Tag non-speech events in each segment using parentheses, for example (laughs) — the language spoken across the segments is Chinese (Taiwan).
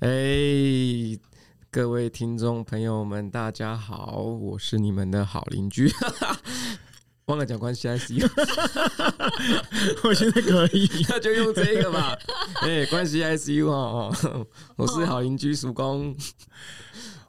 哎、hey，各位聽眾朋友們，大家好，我是你們的好鄰居， (laughs) 忘了講關係 I C U， (laughs) (laughs) 我覺得在可以， (laughs) 那就用這個吧。哎、 (laughs) hey，關係 I C U 啊，我是好鄰居曙光，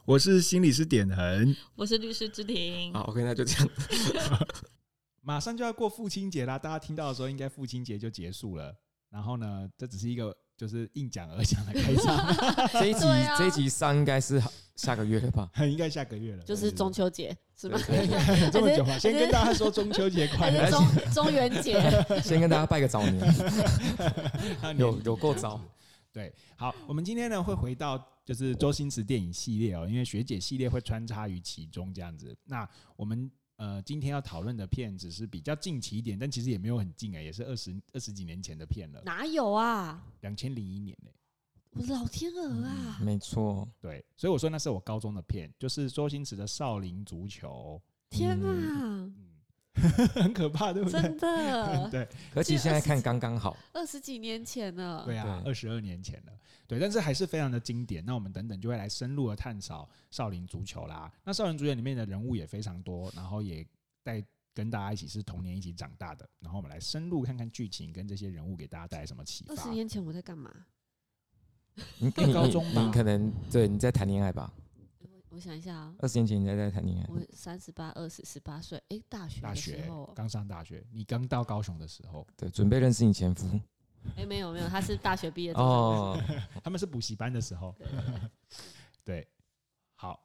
我是心理師點痕，我是律師之庭。好，OK，那就這樣。 (laughs) (laughs) 馬上就要過父親節啦，大家聽到的時候，應該父親節就結束了。然後呢，這只是一個。就是硬講而講的開場，這一集、啊、這一集上應該是下個月了吧？ (laughs) 應該下個月了，就是中秋節是吧？對對對 (laughs) 這麼久嗎是？先跟大家說中秋節快樂，中中元節， (laughs) 先跟大家拜個早年 (laughs) (laughs) 有，有有夠早， (laughs) 對，好，我們今天呢會回到就是周星馳電影系列哦，因為學姐系列會穿插於其中這樣子，那我們。呃，今天要討論的片只是比較近期一點，但其實也沒有很近哎，也是二十二十幾年前的片了。哪有啊？兩千零一年欸，我的老天鵝啊！嗯，沒錯，對，所以我說那是我高中的片，就是周星馳的《少林足球》。嗯。天啊！ (laughs) 很可怕，對不對？真的， (laughs) 對。可惜現在看剛剛好，二十幾年前了。對啊，二十二年前了。對，但是還是非常的經典。那我們等等就會來深入的探討《少林足球》啦。那《少林足球》裡面的人物也非常多，然後也帶跟大家一起是童年一起長大的。然後我們來深入看看劇情跟這些人物給大家帶來什麼啟發。二十年前我在幹嘛？你高中吧？你,你, (laughs) 你可能對你在談戀愛吧？我想一下二十年前你在在談戀愛。我三十八，二十、十八歲，哎，大學剛上大學，你剛到高雄的時候，哦，對，準備認識你前夫。欸。哎，沒有沒有，他是大學畢業之後，哦、他們是補習班的時候。對，好，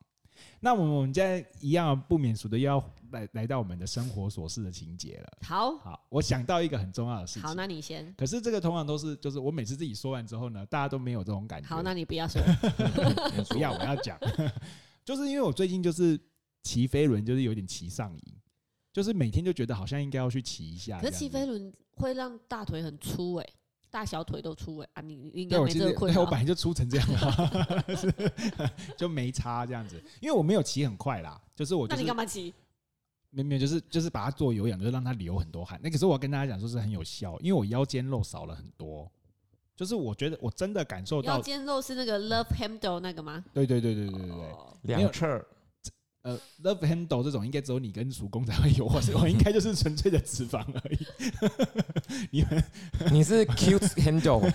那我們現在一樣不免俗的要來來到我們的生活瑣事的情節了。好，好，我想到一個很重要的事情。好，那你先。可是這個通常都是，就是我每次自己說完之後呢，大家都沒有這種感覺。好，那你不要說、 (laughs) 嗯，不要，我要講。就是因為我最近就是騎飛輪，就是有點騎上癮，就是每天就覺得好像應該要去騎一下。可是騎飛輪會讓大腿很粗哎、欸，大小腿都粗哎、欸、啊你！你應該沒這個困擾。我本來就粗成這樣了 (laughs) (laughs) 是，就沒差這樣子，因為我沒有騎很快啦，就是我、就是。那你幹嘛騎？沒有，沒有，就是就是把它做有氧，就是讓它流很多汗。那個時候我要跟大家講說是很有效，因為我腰間肉少了很多。就是我覺得我真的感受到，腰間肉是那個 love handle 那個嗎？對對對對對對，兩側，呃，love handle 這種應該只有你跟主公才會有，我我應該就是純粹的脂肪而已。 (laughs) (laughs) 你們，你是 cute handle，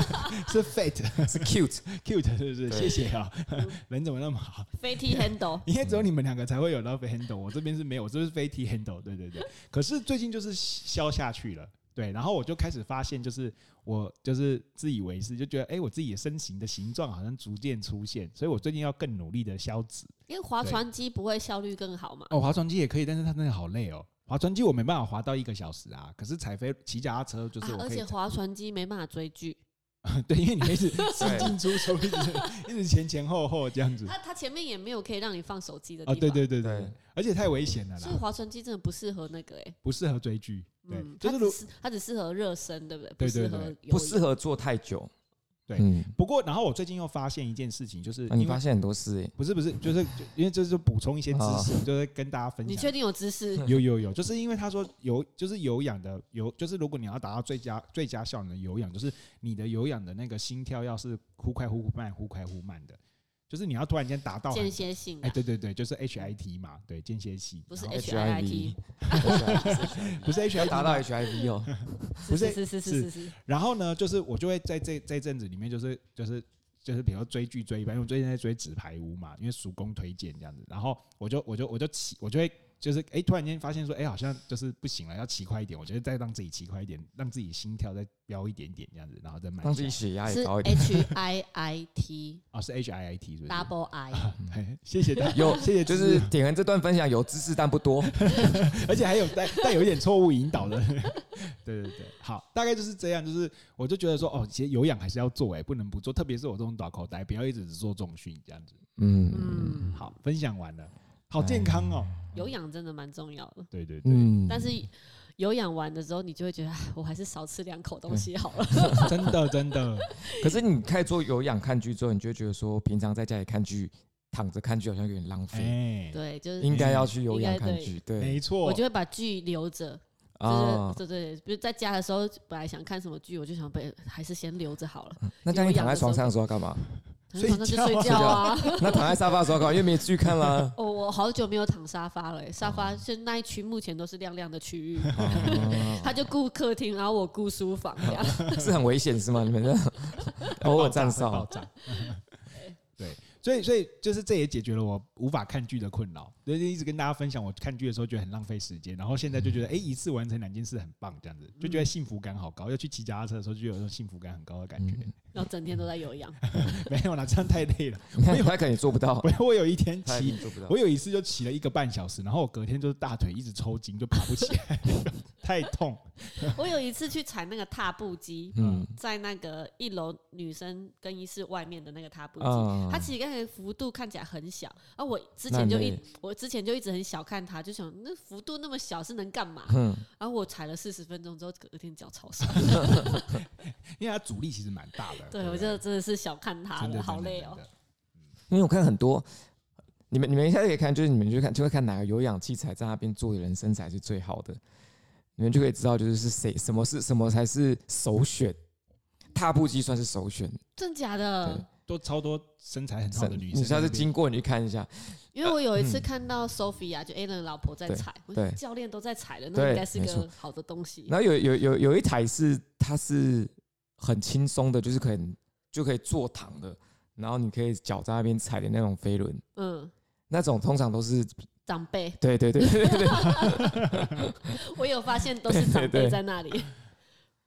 (laughs) 是 fate，是 cute，cute (laughs) cute 是不是？謝謝啊、嗯，人怎麼那麼好？飛踢 handle，應該只有你們兩個才會有 love handle， (laughs) 我這邊是沒有，我這是飛踢 handle。對對對， (laughs) 可是最近就是消下去了，對，然後我就開始發現就是。我就是自以為是，就覺得哎、欸，我自己的身形的形狀好像逐漸出現，所以我最近要更努力的消脂。因為划船機不會效率更好嘛。哦，划船機也可以，但是他真的好累哦。划船機我沒辦法划到一個小時啊，可是踩飛騎腳踏車就是、啊。而且划船機沒辦法追劇。 (laughs) 對，因為你一直進進出出， (laughs) 一直前前後後這樣子。它 (laughs) 、啊、它前面也沒有可以讓你放手機的地方、哦。對對對對，對而且太危險了啦、嗯。所以划船機真的不適合那個哎、欸，不適合追劇。對，它、嗯就是、只適只適合熱身，對不對？對對對對，不適合不適合做太久。對，嗯、不過然後我最近又發現一件事情，就是、啊、你發現很多事，不是不是，就是就因為就是補充一些知識、哦，就是跟大家分享。你確定有知識？有有有，就是因為他說有，就是有氧的有，就是如果你要達到最佳最佳效能，有氧就是你的有氧的那個心跳要是忽快忽慢、忽快忽慢的。就是你要突然間達到間歇性，哎，對對對，就是 H I T 嘛，對間歇性，不是 HIT H I T， (laughs) H -I -V (laughs) H -I -V (laughs) 不是 H 要達到 H I T 哦 (laughs) 不，不是是是是是是。然後呢，就是我就會在這在這陣子裡面、就是，就是就是就是，比如說追劇追一半，因為最近在追《紙牌屋》嘛，因為叔公推薦這樣子，然後我就我就我就，我就起我就會。就是、欸、突然間發現說、欸，好像就是不行了，要騎快一點。我覺得再讓自己騎快一點，讓自己心跳再飆一點點這樣子，然後再慢。慢自己血壓也高一點。H I I T 啊、 (laughs) 哦，是 H I I T，是,是 d o u b l e I、啊。謝謝大家，有謝謝，就是聽完這段分享有知識但不多， (laughs) 而且還有帶帶有一點錯誤引導的。 (laughs) 對對對，好，大概就是這樣。就是我就覺得說，哦，其實有氧還是要做、欸，不能不做。特別是我這種短口袋不要一直只做重訓這樣子。嗯，好，分享完了。好健康哦，有氧真的蠻重要的、嗯。對對對、嗯，但是有氧完的時候，你就會覺得，哎，我還是少吃兩口東西好了、欸。 (laughs) 真的真的。可是你開始做有氧看劇之後，你就覺得說，平常在家裡看劇，躺着看劇好像有點浪費、欸。對，就是應該要去有氧看劇，對，沒錯。我就會把劇留着、就是。就對對對，比如在家的時候，本來想看什麼劇，我就想被還是先留着好了、嗯。那這樣你躺在床上的時候要幹嘛？那、啊、就睡覺啊睡覺！那躺在沙發上看，又沒劇看啦、啊。哦，我好久沒有躺沙發了，沙發是那一區，目前都是亮亮的區域。哦、 (laughs) 他就顧客廳，然後我顧書房樣、哦，是很危險是嗎？你們這樣，偶爾站哨。對，所以所以就是這也解決了我無法看劇的困擾。所以就一直跟大家分享，我看劇的時候覺得很浪費時間，然後現在就覺得，哎、嗯欸，一次完成兩件事很棒，這樣子、嗯、就覺得幸福感好高。要去騎腳踏車的時候，就有種幸福感很高的感覺。然、嗯、後、嗯、整天都在有氧 (laughs) ，沒有啦，這樣太累了，我有還感覺做不到。我有一天騎，我有一次就騎了一個半小時，然後我隔天就是大腿一直抽筋，就爬不起來， (laughs) (laughs) 太痛。我有一次去踩那個踏步機，嗯、在那個一樓女生更衣室外面的那個踏步機，嗯、它其實剛才幅度看起來很小，而、嗯啊啊、我之前就一我。我之前就一直很小看他，就想那幅度那麼小是能幹嘛？嗯、啊，然後我踩了四十分鐘之後，隔天腳超酸。 (laughs) 因為他阻力其實蠻大的。 (laughs) 對，我覺得真的是小看他了，好累哦。因為我看很多，你們你們一下子可以看，就是你們去看就會看哪個有氧器材在那邊做的人身材是最好的，你們就可以知道就是是誰什麼是什麼才是首選。踏步機算是首選。嗯、真的假的？都超多身材很好的女生，你下次經過你去看一下，因為我有一次看到 Sophia 就 Allen 老婆在踩，對教練都在踩的，那應該是一個好的東西。然後有有有有一台是它是很輕鬆的，就是可以就可以坐躺的，然後你可以腳在那邊踩的那種飛輪，嗯，那種通常都是長輩，對對對對， (laughs) (laughs) 我有發現都是長輩在那裡，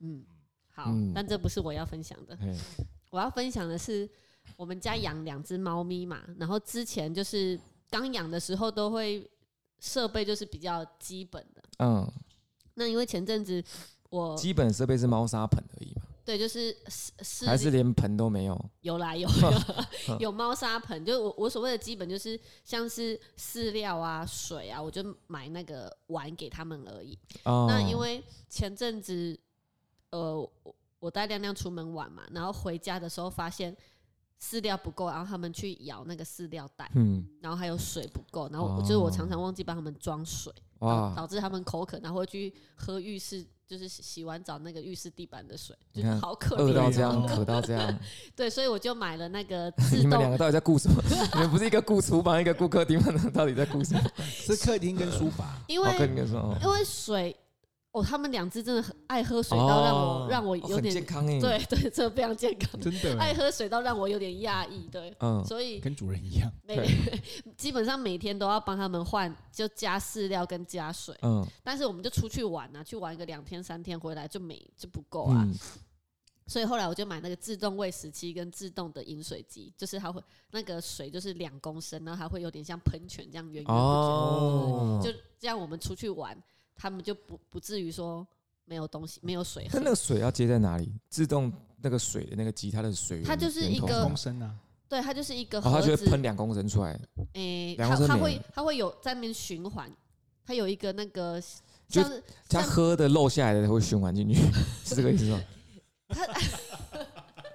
嗯，好，但這不是我要分享的，我要分享的是。我們家養兩隻貓咪嘛，然後之前就是剛養的時候都會設備就是比較基本的，嗯，那因為前陣子我基本設備是貓砂盆而已嘛，對，就是是是還是連盆都沒有，有來有有，有，有貓砂盆，呵呵就我我所謂的基本就是像是飼料啊、水啊，我就買那個碗給他們而已。哦、那因為前陣子呃，我我帶亮亮出門玩嘛，然後回家的時候發現。飼料不夠，然後他們去咬那個飼料袋，嗯，然後還有水不夠，然後就是我常常忘記幫他們裝水，導致他們口渴，然後會去喝浴室，就是洗完澡那個浴室地板的水，就好可憐，餓到這樣，渴到這樣， (laughs) 對，所以我就買了那個自動。你們兩個到底在顧什麼？ (laughs) 你們不是一個顧廚房， (laughs) 一個顧客廳，到底在顧什麼？是客廳跟書房，哦。因為，因為水。哦，他們兩隻真的很愛喝水，哦、到讓我讓我有點、哦、健康對對，這非常健康，真的愛喝水到讓我有點訝異，對，嗯、所以跟主人一樣每，每基本上每天都要幫他們換，就加飼料跟加水，嗯、但是我們就出去玩吶、啊，去玩個兩天三天回來就沒就不夠啊，嗯、所以後來我就買那個自動餵食器跟自動的飲水機，就是它會那個水就是兩公升然後還會有點像噴泉這樣圓圓的。就這樣我們出去玩。他們就不不至於說沒有東西，沒有水喝。那那個水要接在哪裡？自動那個水的那個機，它的水源源，它就是一個公升啊，對，它就是一個盒子，噴、哦、兩公升出來。哎、欸，它會，它會有在那邊循環，它有一個那個，就是它喝的漏下來的它會循環進去，是這個意思嗎？他 (laughs)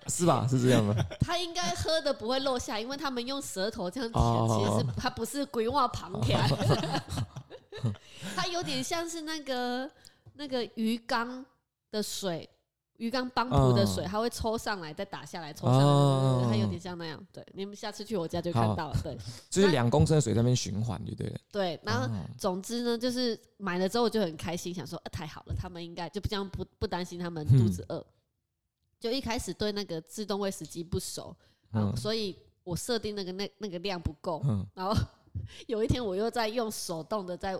是吧？是這樣嗎？它應該喝的不會漏下來，因為他們用舌頭這樣舔，其、哦、實、哦哦哦、它不是龜蛙旁舔。哦哦哦 (laughs) (laughs) 它有點像是那個那個魚缸的水，魚缸幫浦的水，嗯、它會抽上來再打下來，抽上來、哦，它有點像那樣。對，你們下次去我家就看到了。對，就是兩公升的水在那邊循環就對了。對，然後總之呢，就是買了之後我就很開心，想說、啊、太好了，他們應該就不這樣不不擔心他們肚子餓。嗯、就一開始對那個自動餵食機不熟，所以我設定那個那那個量不夠，然後。有一天，我又在用手動的在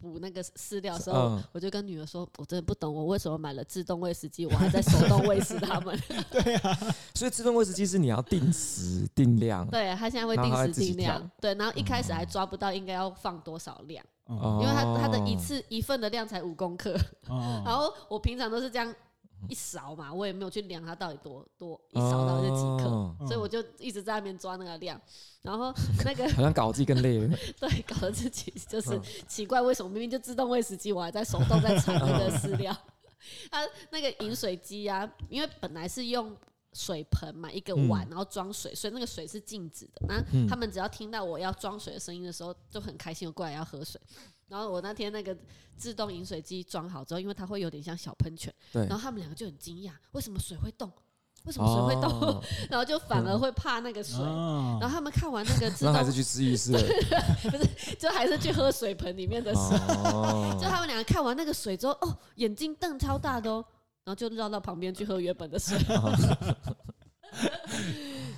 補那個飼料的時候，我就跟女兒說：“我真的不懂，我為什麼買了自動餵食機，我還在手動餵食他們。 (laughs) ”對啊，所以自動餵食機是你要定時定量。對，它現在會定時定量。對，然後一開始還抓不到應該要放多少量，嗯、因為它它的一次一份的量才五公克、嗯。然後我平常都是這樣。一勺嘛，我也沒有去量它到底多多，一勺到底是幾克，哦、所以我就一直在那邊抓那個量，然後那個好像搞得自己更累了，對，搞得自己就是奇怪，為什麼明明就自動餵食機，我還在手動在鏟、哦 (laughs) 啊、那個飼料？它那個飲水機啊，因為本來是用水盆嘛，一個碗然後裝水，所以那個水是靜止的。那他們只要聽到我要裝水的聲音的時候，就很開心，過來要喝水。然後我那天那個自動飲水機裝好之後，因為它會有點像小噴泉，對。然後他們兩個就很驚訝，為什麼水會動？為什麼水會動？Oh. 然後就反而會怕那個水。Oh. 然後他們看完那個自動， (laughs) 那還是去 (laughs) 不是，就還是去喝水盆裡面的水。Oh. 就他們兩個看完那個水之後，哦，眼睛瞪超大的哦，然後就繞到旁邊去喝原本的水。Oh.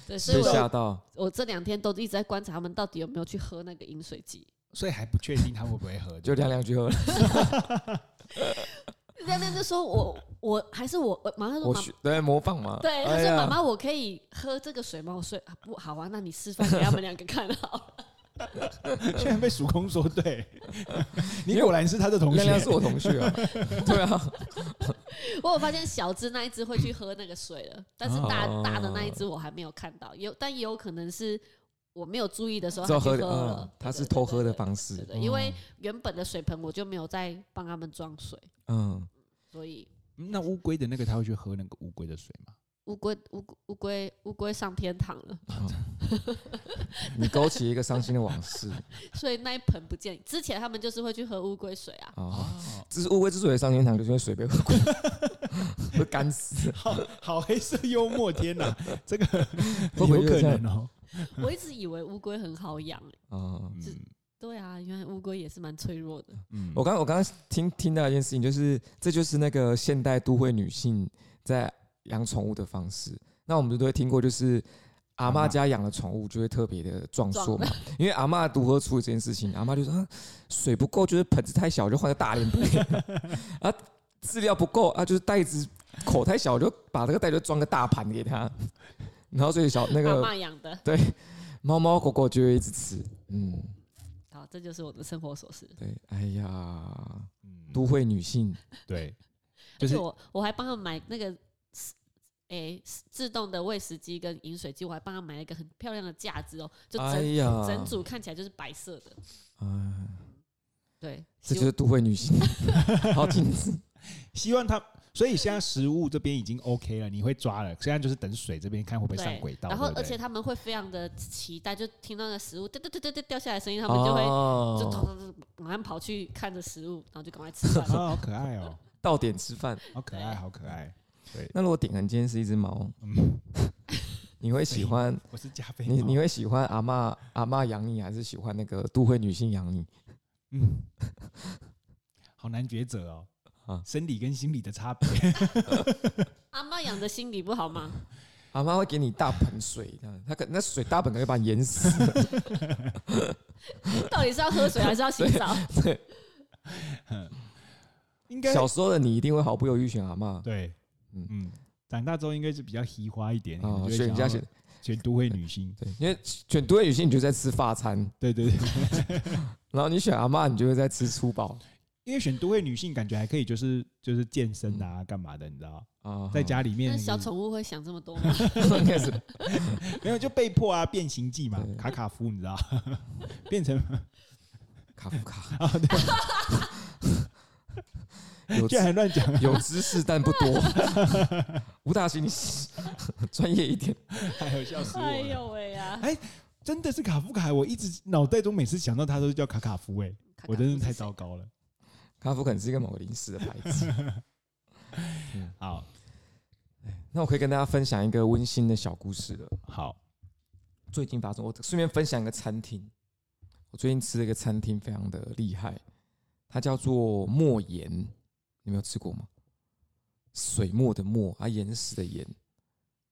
對， (laughs) 所以我，我這兩天都一直在觀察他們到底有沒有去喝那個飲水機。所以還不確定他會不會喝，就亮亮去喝亮 (laughs) 亮 (laughs) 就陣說我，我我還是我，我馬上說媽媽，我學對模仿嘛。對，他說：“媽媽，我可以喝這個水嗎？”我說：“啊、不好啊，那你示範給他們兩個看好 (laughs) 為我。”居然被數空說對，你果然是他的同學，是我同學啊。 (laughs) 對啊。 (laughs) 我有發現小只那一只會去喝那個水了，但是大、啊、大的那一只我還沒有看到，有但也有可能是。我沒有注意的時候，他喝了，他是偷喝的方式。因為原本的水盆我就沒有再幫他們裝水。嗯，所以那烏龜的那個，他會去喝那個烏龜的水嗎？烏龜烏烏龜烏龜上天堂了。哦，你勾起一個傷心的往事，所以那一盆不見。之前他們就是會去喝烏龜水啊。哦，只是烏龜之所以上天堂，就是因為水被喝光，會乾死。好，好黑色幽默，天啊，這個有可能哦。我一直以為烏龜很好養。欸，啊、嗯，對啊，原來烏龜也是蠻脆弱的，嗯。我剛我剛剛聽聽到一件事情，就是這就是那個現代都會女性在養寵物的方式。那我們都會聽過，就是阿媽家養的寵物就會特別的壯碩嘛，因為阿媽如何處理這件事情，阿媽就說水不夠，就是盆子太小，我就換個大臉盆， (laughs) 啊，飼料不夠，啊，就是袋子口太小，我就把這個袋子裝個大盤給他。然後這些小那個媽媽養的對，貓貓狗狗就會一直吃，嗯，好，這就是我的生活瑣事。對，哎呀，嗯、都會女性對，就是而且我我還幫她買那個，誒，自動的餵食機跟飲水機，我還幫她買了一個很漂亮的架子哦，就整哎整組看起來就是白色的，嗯，嗯對，這就是都會女性， (laughs) 好精致， (laughs) 希望她。所以現在食物這邊已經 OK 了，你會抓了。現在就是等水這邊看會不會上軌道。然後，而且他們會非常的期待，就聽到那個食物掉掉掉掉掉掉下來聲音，哦、他們就會就馬上跑去看着食物，然後就趕快吃飯、哦 (laughs) 哦。好可愛哦！到點吃飯，好可愛，好可愛。對。那如果鼎恆今天是一隻貓， (laughs) 你會喜歡？我是加菲。你你會喜歡阿媽阿媽養你，還是喜歡那個都會女性養你？嗯，好難抉擇哦。啊，生理跟心理的差別，啊。 (laughs) 阿嬤養的心理不好嗎？ (laughs) 阿嬤會給你大盆水，她可那水大盆可以把你淹死。 (laughs) (laughs) 到底是要喝水還是要洗澡？ (laughs) 對，對， (laughs) 應該小時候的你一定會毫不猶豫選阿嬤。對，嗯嗯，長大之後應該是比較喜花一點。啊，所以人家選選都會女性對，對，因為選都會女性，你就在吃法餐。對對對， (laughs) 然後你選阿嬤，你就會在吃粗飽。因為選多位女性感覺還可以，就是就是健身啊，幹嘛的，你知道？啊，在家裡面，嗯嗯嗯家裡面但小寵物會想這麼多嗎？ (laughs) (laughs) 沒有就被迫啊，變形記嘛，卡卡夫，你知道？變成卡夫卡啊，啊？對，居然還亂講，有知識但不多。吳大興，專業一點，還有笑死哎呦呀！哎，真的是卡夫卡，我一直腦袋中每次想到他都叫卡卡夫，哎，我真的是太糟糕了。它不可能是一個某個零食的牌子、 (laughs) 嗯。好，那我可以跟大家分享一個溫馨的小故事了。好，最近發生，我順便分享一個餐廳。我最近吃了一個餐廳，非常的厲害，它叫做墨岩。你沒有吃過嗎？水墨的墨啊，岩石的岩。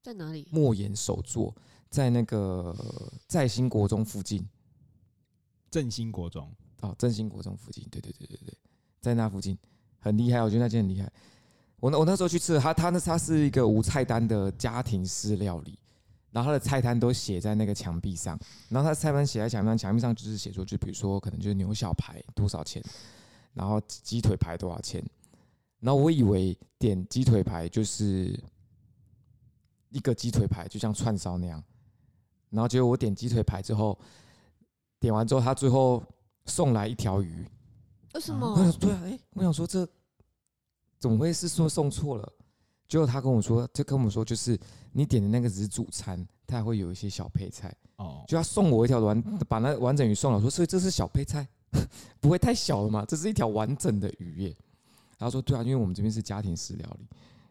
在哪裡？墨岩首座在那個在興國中附近。振興國中哦，振興國中附近。對對對對對。在那附近很厲害，我覺得那間很厲害。我那我那時候去吃，他他那他是一個無菜單的家庭式料理，然後他的菜單都寫在那個牆壁上，然後他菜單寫在牆壁上，牆壁上就是寫說，就比如說可能就是牛小排多少錢，然後雞腿排多少錢，然後我以為點雞腿排就是一個雞腿排，就像串燒那樣，然後結果我點雞腿排之後，點完之後他最後送來一條魚。為什麼？對啊，哎、欸，我想說，這怎麼會是說送錯了？結果他跟我說，就跟我們說，就是你點的那個只是主餐，它還會有一些小配菜哦。就他送我一條完，把那完整魚送了，我說：“所以這是小配菜，不會太小了嘛，這是一條完整的魚耶。”然後他說：“對啊，因為我們這邊是家庭飼料，裡，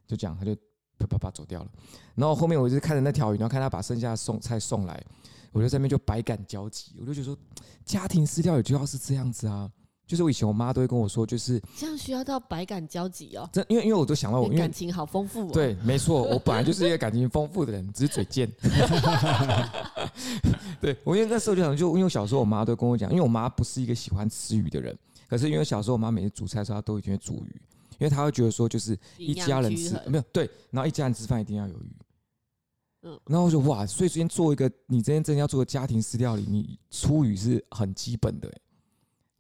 就講他就啪啪啪走掉了。”然後後面我就看着那條魚，然後看他把剩下的送菜送來，我就在那邊就百感交集，我就覺得說家庭飼料也就要是這樣子啊。就是我以前我媽都會跟我說，就是這樣需要到百感交集哦。因為因為我都想到我感情好豐富。對，沒錯，我本來就是一個感情豐富的人，只是嘴賤。對，我因為那時候就想，就因為小時候我媽都跟我講，因為我媽不是一個喜歡吃魚的人，可是因為小時候我媽每次煮菜的時候她都一定會煮魚，因為她會覺得說，就是一家人吃沒有對，然後一家人吃飯一定要有魚。嗯，然後我就哇，所以今天做一個你今天真的要做個家庭私料理，你出魚是很基本的，欸。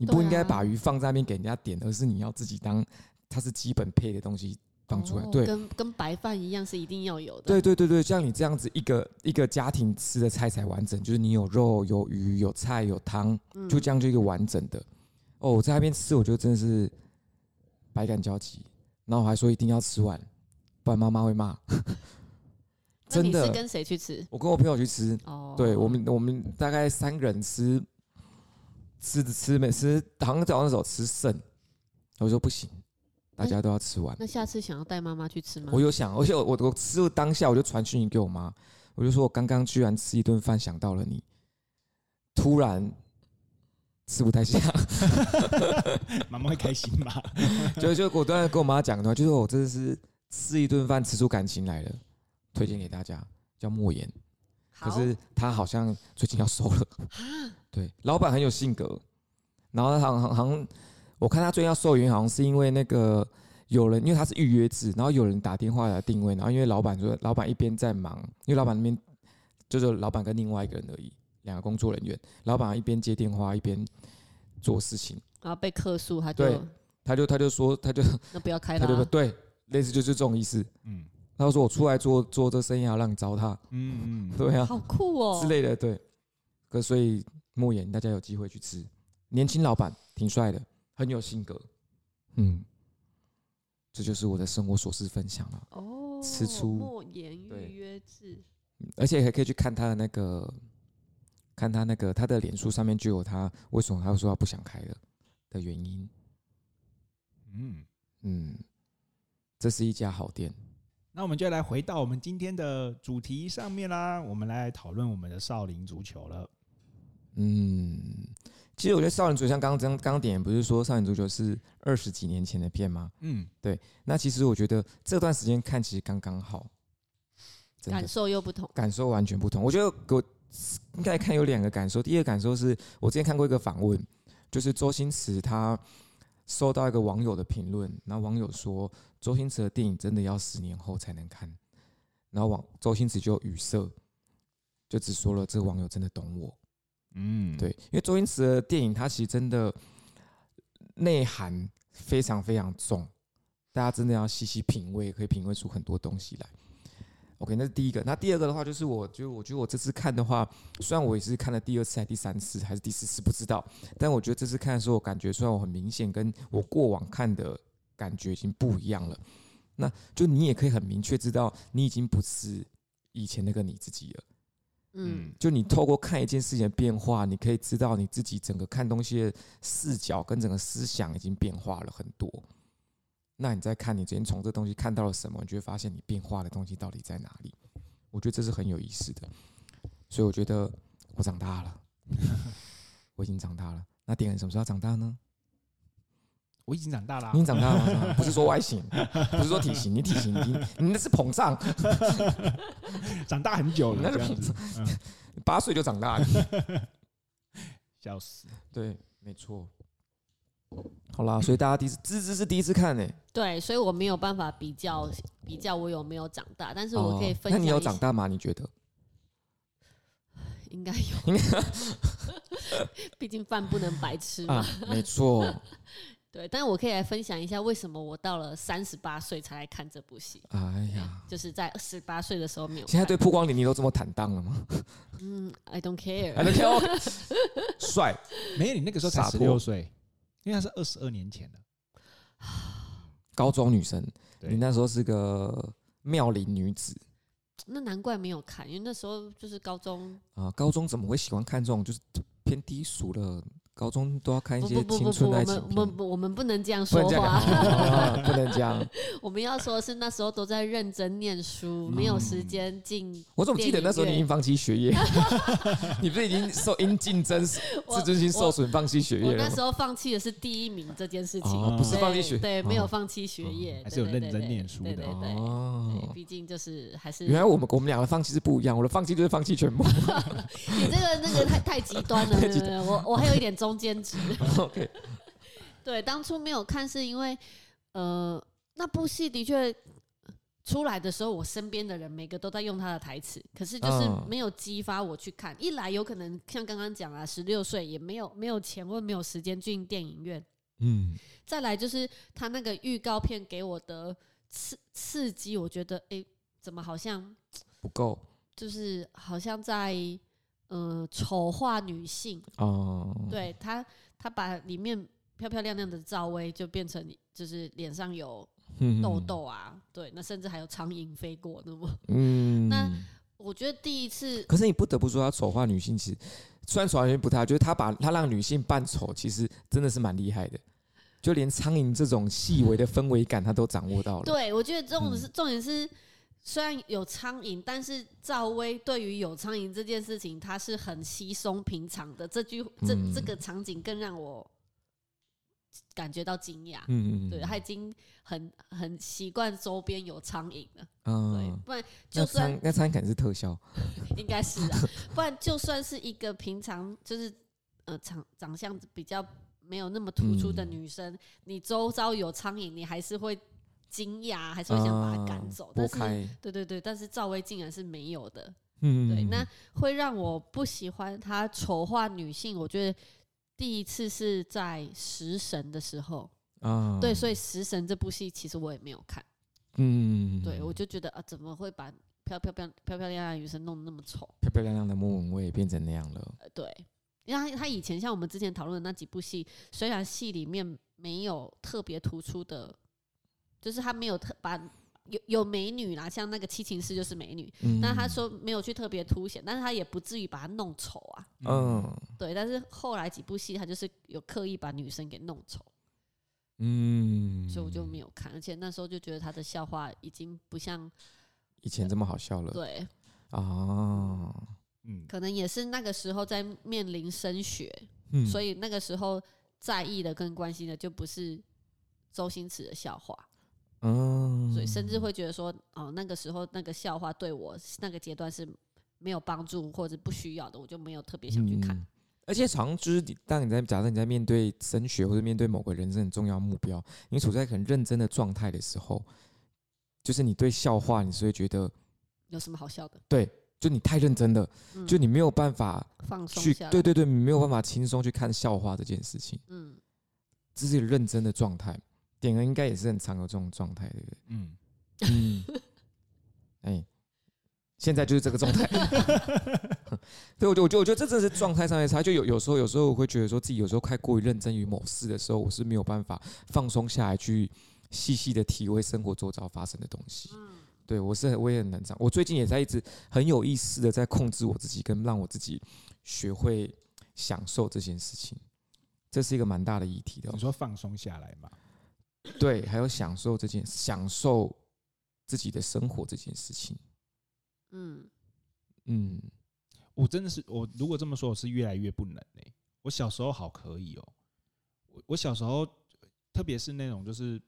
你不應該把魚放在那邊給人家點，而是你要自己當它是基本配的東西放出來。哦、對，跟跟白飯一樣是一定要有的。對對對對，像你這樣子一個一個家庭吃的菜才完整，就是你有肉有魚有菜有湯，嗯，就這樣就一個完整的。哦，我在那邊吃我覺得真的是百感交集，然後我還說一定要吃完，不然媽媽會罵。 (laughs) 真的是跟誰去吃？我跟我朋友去吃。哦、對，我們我們大概三個人吃。吃着吃，每次好像早上那時候吃剩。我就說不行，大家都要吃完。那下次想要帶媽媽去吃嗎？我有想，而且我我吃吃當下我就傳訊息給我媽，我就說我剛剛居然吃一頓飯想到了你，突然吃不太下，媽 (laughs) 媽 (laughs) 會開心吧？ (laughs) 就就果斷跟我媽講的話，就是我真的是吃一頓飯吃出感情來了，推薦給大家叫莫言。可是他好像最近要收了。對，老闆很有性格，然後他好像好像我看他最近要收的原因，好像是因為那個有人，因為他是預約制，然後有人打電話來定位，然後因為老闆說，老闆一邊在忙，因為老闆那邊就是老闆跟另外一個人而已，兩個工作人員，老闆一邊接電話一邊做事情，然後被客訴，他就他就他就說他就那不要開，對對對，類似就是這種意思，嗯。他說：“我出來做做這生意，要讓你糟蹋。”嗯，嗯，對啊，好酷哦，之類的。對，可所以莫言，大家有機會去吃，年輕老闆挺帥的，很有性格。嗯，這就是我的生活瑣事分享了。哦，吃出莫言預約制，而且還可以去看他的那個，看他那個他的臉書上面就有他為什麼他會說他不想開了的原因。嗯嗯，這是一家好店。那我們就來回到我們今天的主題上面啦，我們來討論我們的少林足球了。嗯，其實我覺得少林足球像剛剛剛剛點不是說少林足球是二十幾年前的片嗎？嗯，對。那其實我覺得這段時間看其實剛剛好，感受又不同，感受完全不同。我覺得我應該看有兩個感受。第一個感受是我之前看過一個訪問，就是周星馳他收到一個網友的評論，那網友說。周星馳的電影真的要十年後才能看，然後網周星馳就語塞，就只說了這個網友真的懂我，嗯，對，因為周星馳的電影他其實真的內涵非常非常重，大家真的要細細品味，可以品味出很多東西來。OK，那是第一個，那第二個的話就是我覺得，我覺得我這次看的話，雖然我也是看了第二次還是第三次還是第四次不知道，但我覺得這次看的時候，我感覺雖然我很明顯跟我過往看的。感覺已經不一樣了，那就你也可以很明確知道，你已經不是以前那個你自己了。嗯，就你透過看一件事情的變化，你可以知道你自己整個看東西的視角跟整個思想已經變化了很多。那你再看你之前從這東西看到了什麼，你就會發現你變化的東西到底在哪裡。我覺得這是很有意思的，所以我覺得我長大了， (laughs) 我已經長大了。那點什麼時候要長大呢？我已經長大了、啊。你長大了，不是說外形，不是說體型，你體型你你那是膨脹， (laughs) 長大很久了，那是、個嗯、八歲就長大了，笑死。對，沒錯。好啦，所以大家第一次、這是第一次看呢、欸。對，所以我沒有辦法比較比較我有沒有長大，但是我可以分享、哦。那你有長大嗎？你覺得？應該有。 (laughs) 畢竟飯不能白吃嘛。啊、沒錯。對，但是我可以來分享一下為什麼我到了三十八歲才來看這部戲。哎呀，就是在二十八歲的時候沒有。現在對曝光年齡你都這麼坦蕩了嗎？嗯，I don't care。I don't care。 (laughs) 帥？沒有，你那個時候才十六歲，因為那是二十二年前的。高中女生，你那時候是個妙齡女子。那難怪沒有看，因為那時候就是高中啊。高中怎麼會喜歡看這種就是偏低俗的？高中都要看一些青春愛情片不不不,不,不我，我們不我們不能這樣說話,不能這樣講話、啊，不能這樣。 (laughs) 我們要說的是那時候都在認真念書，沒有時間進、嗯。我怎麼記得那時候你已經放棄學業？ (laughs) (laughs) 你不是已經受因競爭自尊心受損放棄學業那時候放棄的是第一名這件事情，啊、不是放棄學對。對，沒有放棄學業、啊，還是有認真念書的。對對對,對,對。哦，畢竟就是還是原來我們我們兩個放棄是不一樣。我的放棄就是放棄全部。 (laughs) 你這個那個太太極端了，我我還有一點中。兼 (laughs) 職 Okay (laughs) 對，當初沒有看是因為，呃，那部戲的確出來的時候，我身邊的人每個都在用他的台詞，可是就是沒有激發我去看。Uh, 一來有可能像剛剛講啊，十六歲也沒有沒有錢，或者沒有時間進電影院。嗯，再來就是他那個預告片給我的刺刺激，我覺得哎、欸，怎麼好像不夠，就是好像在。嗯、呃，醜化女性哦，對，對她，她把裡面漂漂亮亮的趙薇就變成就是臉上有痘痘啊，嗯嗯對，那甚至還有蒼蠅飛過，那麼嗯，那我覺得第一次，可是你不得不說，他醜化女性其實雖然醜化有點不太，就是他把他讓女性扮醜，其實真的是蠻厲害的，就連蒼蠅這種細微的氛圍感，他都掌握到了。嗯、對我覺得這種是重點是。雖然有蒼蠅，但是趙薇對於有蒼蠅這件事情，她是很稀鬆平常的。這句這、嗯、這個場景更讓我感覺到驚訝。嗯嗯對，她已經很很習慣周邊有蒼蠅了。嗯，對，不然就算那蒼蠅肯定是特效 (laughs) 應該是啊，不然就算是一個平常就是呃長長相比較沒有那麼突出的女生，嗯、你周遭，有蒼蠅，你還是會。驚訝還是會想把他趕走，但是對對對，但是趙薇竟然是沒有的，嗯、對，那會讓我不喜歡她醜化女性。我覺得第一次是在《食神》的時候、嗯、對，所以《食神》這部戲其實我也沒有看，嗯，對，我就覺得啊，怎麼會把漂漂漂漂漂亮亮的女生弄得那麼醜？漂漂亮亮的莫文蔚變成那樣了，對，因為他他以前像我們之前討論的那幾部戲，雖然戲裡面沒有特別突出的。就是他沒有特把有有美女啦，像那個七情師就是美女，嗯、但，他說沒有去特別凸顯，但是他也不至於把她弄醜啊。嗯，對。但是後來幾部戲他就是有刻意把女生給弄醜，嗯，所以我就沒有看。而且那時候就覺得他的笑話已經不像以前這麼好笑了。對啊，嗯，可能也是那個時候在面臨升學，嗯、所以那個時候在意的跟關心的就不是周星馳的笑話。嗯，所以甚至會覺得說，哦，那個時候那個笑話對我那個階段是沒有幫助或者不需要的，我就沒有特別想去看。嗯、而且，常知，當你在假設你在面對升學或者面對某個人生的重要的目標，你處在很認真的狀態的時候，就是你對笑話，你所以覺得有什麼好笑的？對，就你太認真的，嗯、就你沒有辦法去放鬆。去對對對，沒有辦法輕鬆去看笑話這件事情。嗯，這是一個認真的狀態。點哥應該也是很常有這種狀態，對不對？嗯嗯， (laughs) 哎、欸，現在就是這個狀態。對，我就，我覺得我覺得這正是狀態上的差。就有有時候，有時候我會覺得說自己有時候太過於認真於某事的時候，我是沒有辦法放鬆下來，去細細的體會生活周遭發生的東西。嗯、對我是很我也很難講。我最近也在一直很有意思的在控制我自己，跟讓我自己學會享受這件事情。這是一個蠻大的議題的。你說放鬆下來嘛？對，還有享受這件，享受自己的生活這件事情。嗯嗯，我真的是，我如果這麼說，我是越來越不能嘞。我小時候好可以哦，我我小時候，特別是那種就是，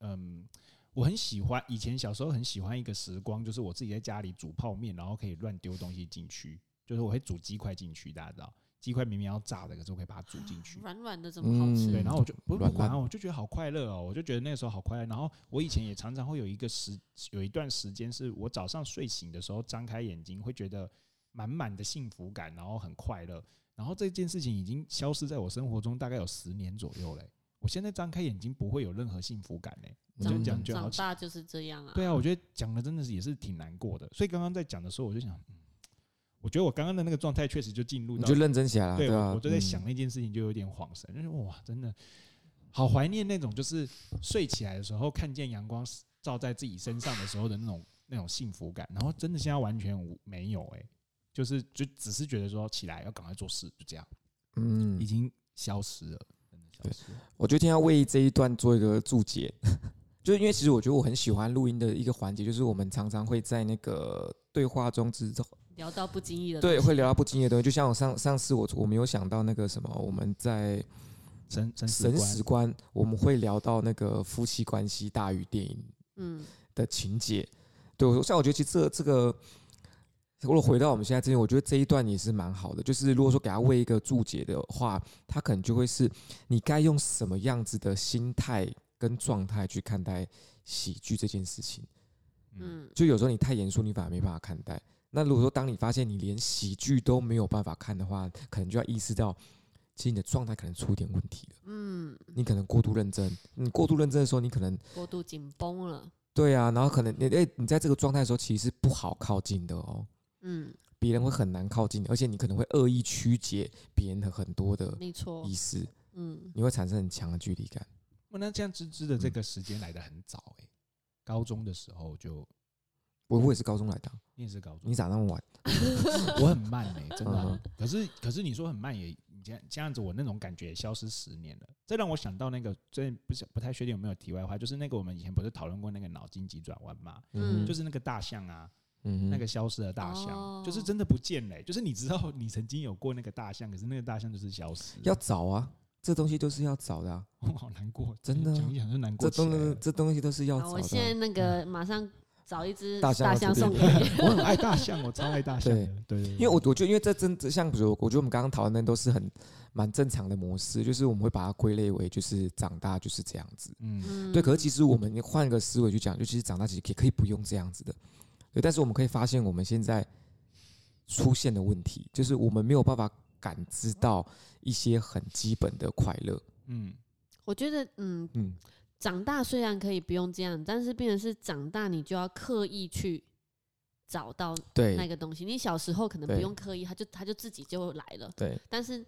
嗯，我很喜歡，以前小時候很喜歡一個時光，就是我自己在家裡煮泡麵，然後可以亂丟東西進去，就是我會煮雞塊進去，大家知道。雞塊明明要炸的，可是我可以把它煮進去，軟軟的怎麼好吃、嗯？對，然後我就不，不管、啊，然後我就覺得好快樂哦，我就覺得那個時候好快樂。然後我以前也常常會有一個時，有一段時間是我早上睡醒的時候，張開眼睛會覺得滿滿的幸福感，然後很快樂。然後這件事情已經消失在我生活中大概有十年左右嘞。我現在張開眼睛不會有任何幸福感嘞，我、嗯、就講長大就是這樣啊。對啊，我覺得講的真的是也是挺難過的。所以剛剛在講的時候，我就想。嗯我覺得我剛剛的那個狀態確實就進入。你就認真起來了，對，對啊！我就在想那件事情，就有點恍神，嗯。哇，真的好懷念那種，就是睡起來的時候看見陽光照在自己身上的時候的那種 (laughs) 那種幸福感。然後真的現在完全無沒有哎，欸，就是就只是覺得說起來要趕快做事，就這樣，嗯，已經消失了，真的消失了。我就今天要為這一段做一個註解， (laughs) 就是因為其實我覺得我很喜歡錄音的一個環節，就是我們常常會在那個對話中之中。聊到不經意的。對，會聊到不經意的東西。 (laughs) 就像我上上次我我沒有想到那個什麼，我們在神神神史觀，神史觀、啊，我們會聊到那個夫妻關係大於電影嗯的情節、嗯。對，我像我覺得其實這這個，如果回到我們現在這邊，我覺得這一段也是蠻好的。就是如果說給他為一個注解的話，他可能就會是你該用什麼樣子的心態跟狀態去看待喜劇這件事情。嗯，就有時候你太嚴肅，你反而沒辦法看待。那如果說當你發現你連喜劇都沒有辦法看的話，可能就要意識到，其實你的狀態可能出一點問題了。嗯，你可能過度認真，你過度認真的時候，你可能過度緊繃了。對啊，然後可能你、欸、你在這個狀態的時候，其實是不好靠近的哦。嗯，別人會很難靠近，而且你可能會惡意曲解別人的很多的，意思，沒錯。嗯，你會產生很強的距離感。那這樣子，真的這個時間來得很早、欸嗯、高中的時候就。我我也是高中來的、啊，你也是高中。你咋那麼晚？ (laughs) (laughs) 我很慢呢、欸，真的、啊嗯。可是可是你說很慢也，這樣這樣子，我那種感覺消失十年了。這讓我想到那個，這不是不太確定有沒有題外話，就是那個我們以前不是討論過那個腦筋急轉彎嘛、嗯？就是那個大象啊，嗯、那個消失的大象，嗯、就是真的不見嘞、欸。就是你知道你曾經有過那個大象，可是那個大象就是消失。要找啊，這東西都是要找的啊 (laughs) 講講這，這東西都是要找的。我好難過，真的講講就難過。這東西都是要找的。我現在那個馬上、嗯。找一隻大象送給你大象。啊， (laughs) 我很愛大象， (laughs) 我超愛大象。對、對、對、對，因為我我覺得，因為這真像比如，我覺得我們剛剛討論的都是很蠻正常的模式，就是我們會把它歸類為就是長大就是這樣子。嗯對。可是其實我們換個思維去講，就其實長大其實也可以不用這樣子的。對，但是我們可以發現我們現在出現的問題，就是我們沒有辦法感知到一些很基本的快樂。嗯，我覺得，嗯嗯。長大雖然可以不用這樣，但是變成是長大，你就要刻意去找到那個東西。你小時候可能不用刻意，它就它就自己就來了。對，但是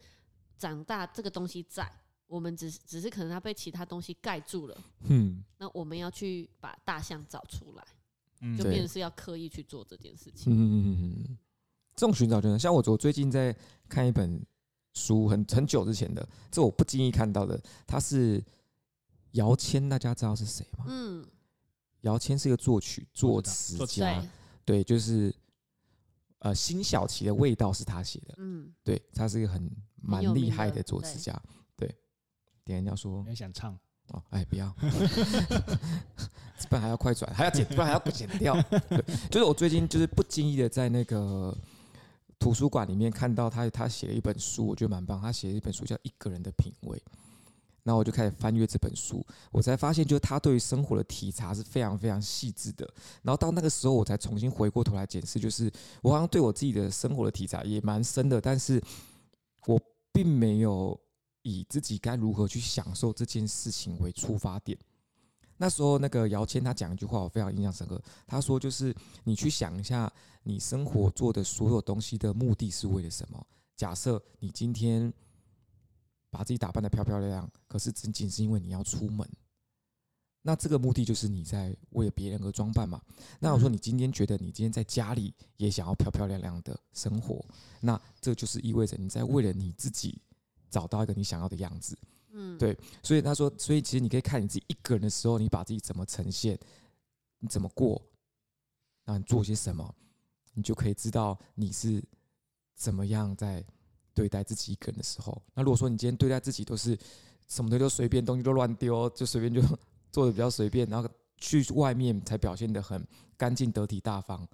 長大這個東西在，我們只只是可能它被其他東西蓋住了，嗯。那我們要去把大象找出來，嗯，就變成是要刻意去做這件事情。嗯嗯嗯嗯，這種尋找真的，像我我最近在看一本書很，很很久之前的，這我不經意看到的，它是。姚謙，大家知道是誰嗎？嗯，姚謙是一個作曲、作詞家，作詞家對，對，就是呃，辛曉琪的味道是他寫的，嗯，對他是一個很蠻厲害的作詞家有，對。點人家說，沒想唱哦，哎、欸，不要， (laughs) (laughs) 不然還要快轉，還要剪，不然還要剪掉對。就是我最近就是不經意的在那個圖書館裡面看到他，他寫了一本書，我覺得蠻棒。他寫了一本書叫《一個人的品味》。然後我就開始翻閱這本書，我才發現，就是他對於生活的體察是非常非常細緻的。然後到那個時候，我才重新回過頭來檢視，就是我好像對我自己的生活的體察也蠻深的，但是，我並沒有以自己該如何去享受這件事情為出發點。那時候，那個姚謙他講一句話，我非常印象深刻。他說：“就是你去想一下，你生活做的所有東西的目的是為了什麼？假設你今天。”把自己打扮得漂漂亮亮，可是僅僅是因為你要出門，那這個目的就是你在為別人而裝扮嘛？那我說你今天覺得你今天在家裡也想要漂漂亮亮的生活，那這就是意味着你在為了你自己找到一個你想要的樣子，嗯，對。所以他說，所以其實你可以看你自己一個人的時候，你把自己怎麼呈現，你怎麼過，那你做些什麼，你就可以知道你是怎麼樣在，對待自己一個人的時候，那如果說你今天對待自己都是什麼東西，都隨便，東西都亂丟，就隨便，就做的比較隨便，然後去外面才表現得很乾淨、得體、大方。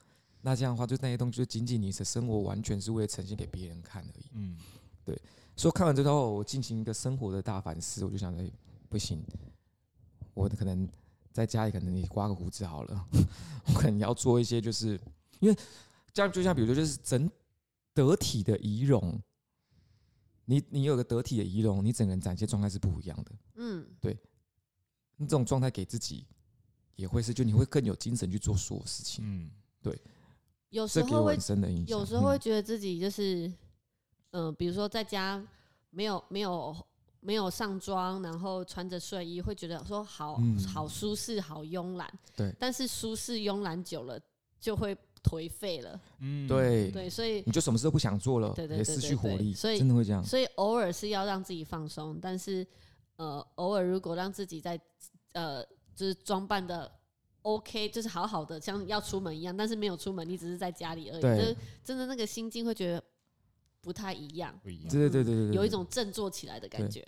那這樣的話，就那些東西就僅僅你的生活完全是為了呈現給別人看而已。嗯，對。所以看完之後，我進行一個生活的大反思，我就想着不行，我可能在家裡，可能你刮個鬍子好了， (laughs) 我可能要做一些，就是因為這樣，就像比如說，就是整得體的儀容。你你有個得體的儀容，你整個人展現狀態是不一樣的。嗯，對，你這種狀態給自己也會是，就你會更有精神去做所有事情。嗯，對，有時候會有時候會覺得自己就是，嗯，呃、比如說在家沒有沒有沒有上妝，然後穿着睡衣，會覺得說好、嗯、好舒適，好慵懶。對，但是舒適慵懶久了就會。頹廢了嗯，嗯，對對，所以你就什麼事都不想做了，對對對,對,對,對，失去活力，對對對對對所以真的會這樣。所以偶爾是要讓自己放鬆，但是呃，偶爾如果讓自己在呃，就是裝扮的 OK，就是好好的像要出門一樣，但是沒有出門，你只是在家裡而已，就真的那個心境會覺得不太一樣，不一樣，嗯、對,對,對對對對對，有一種振作起來的感覺。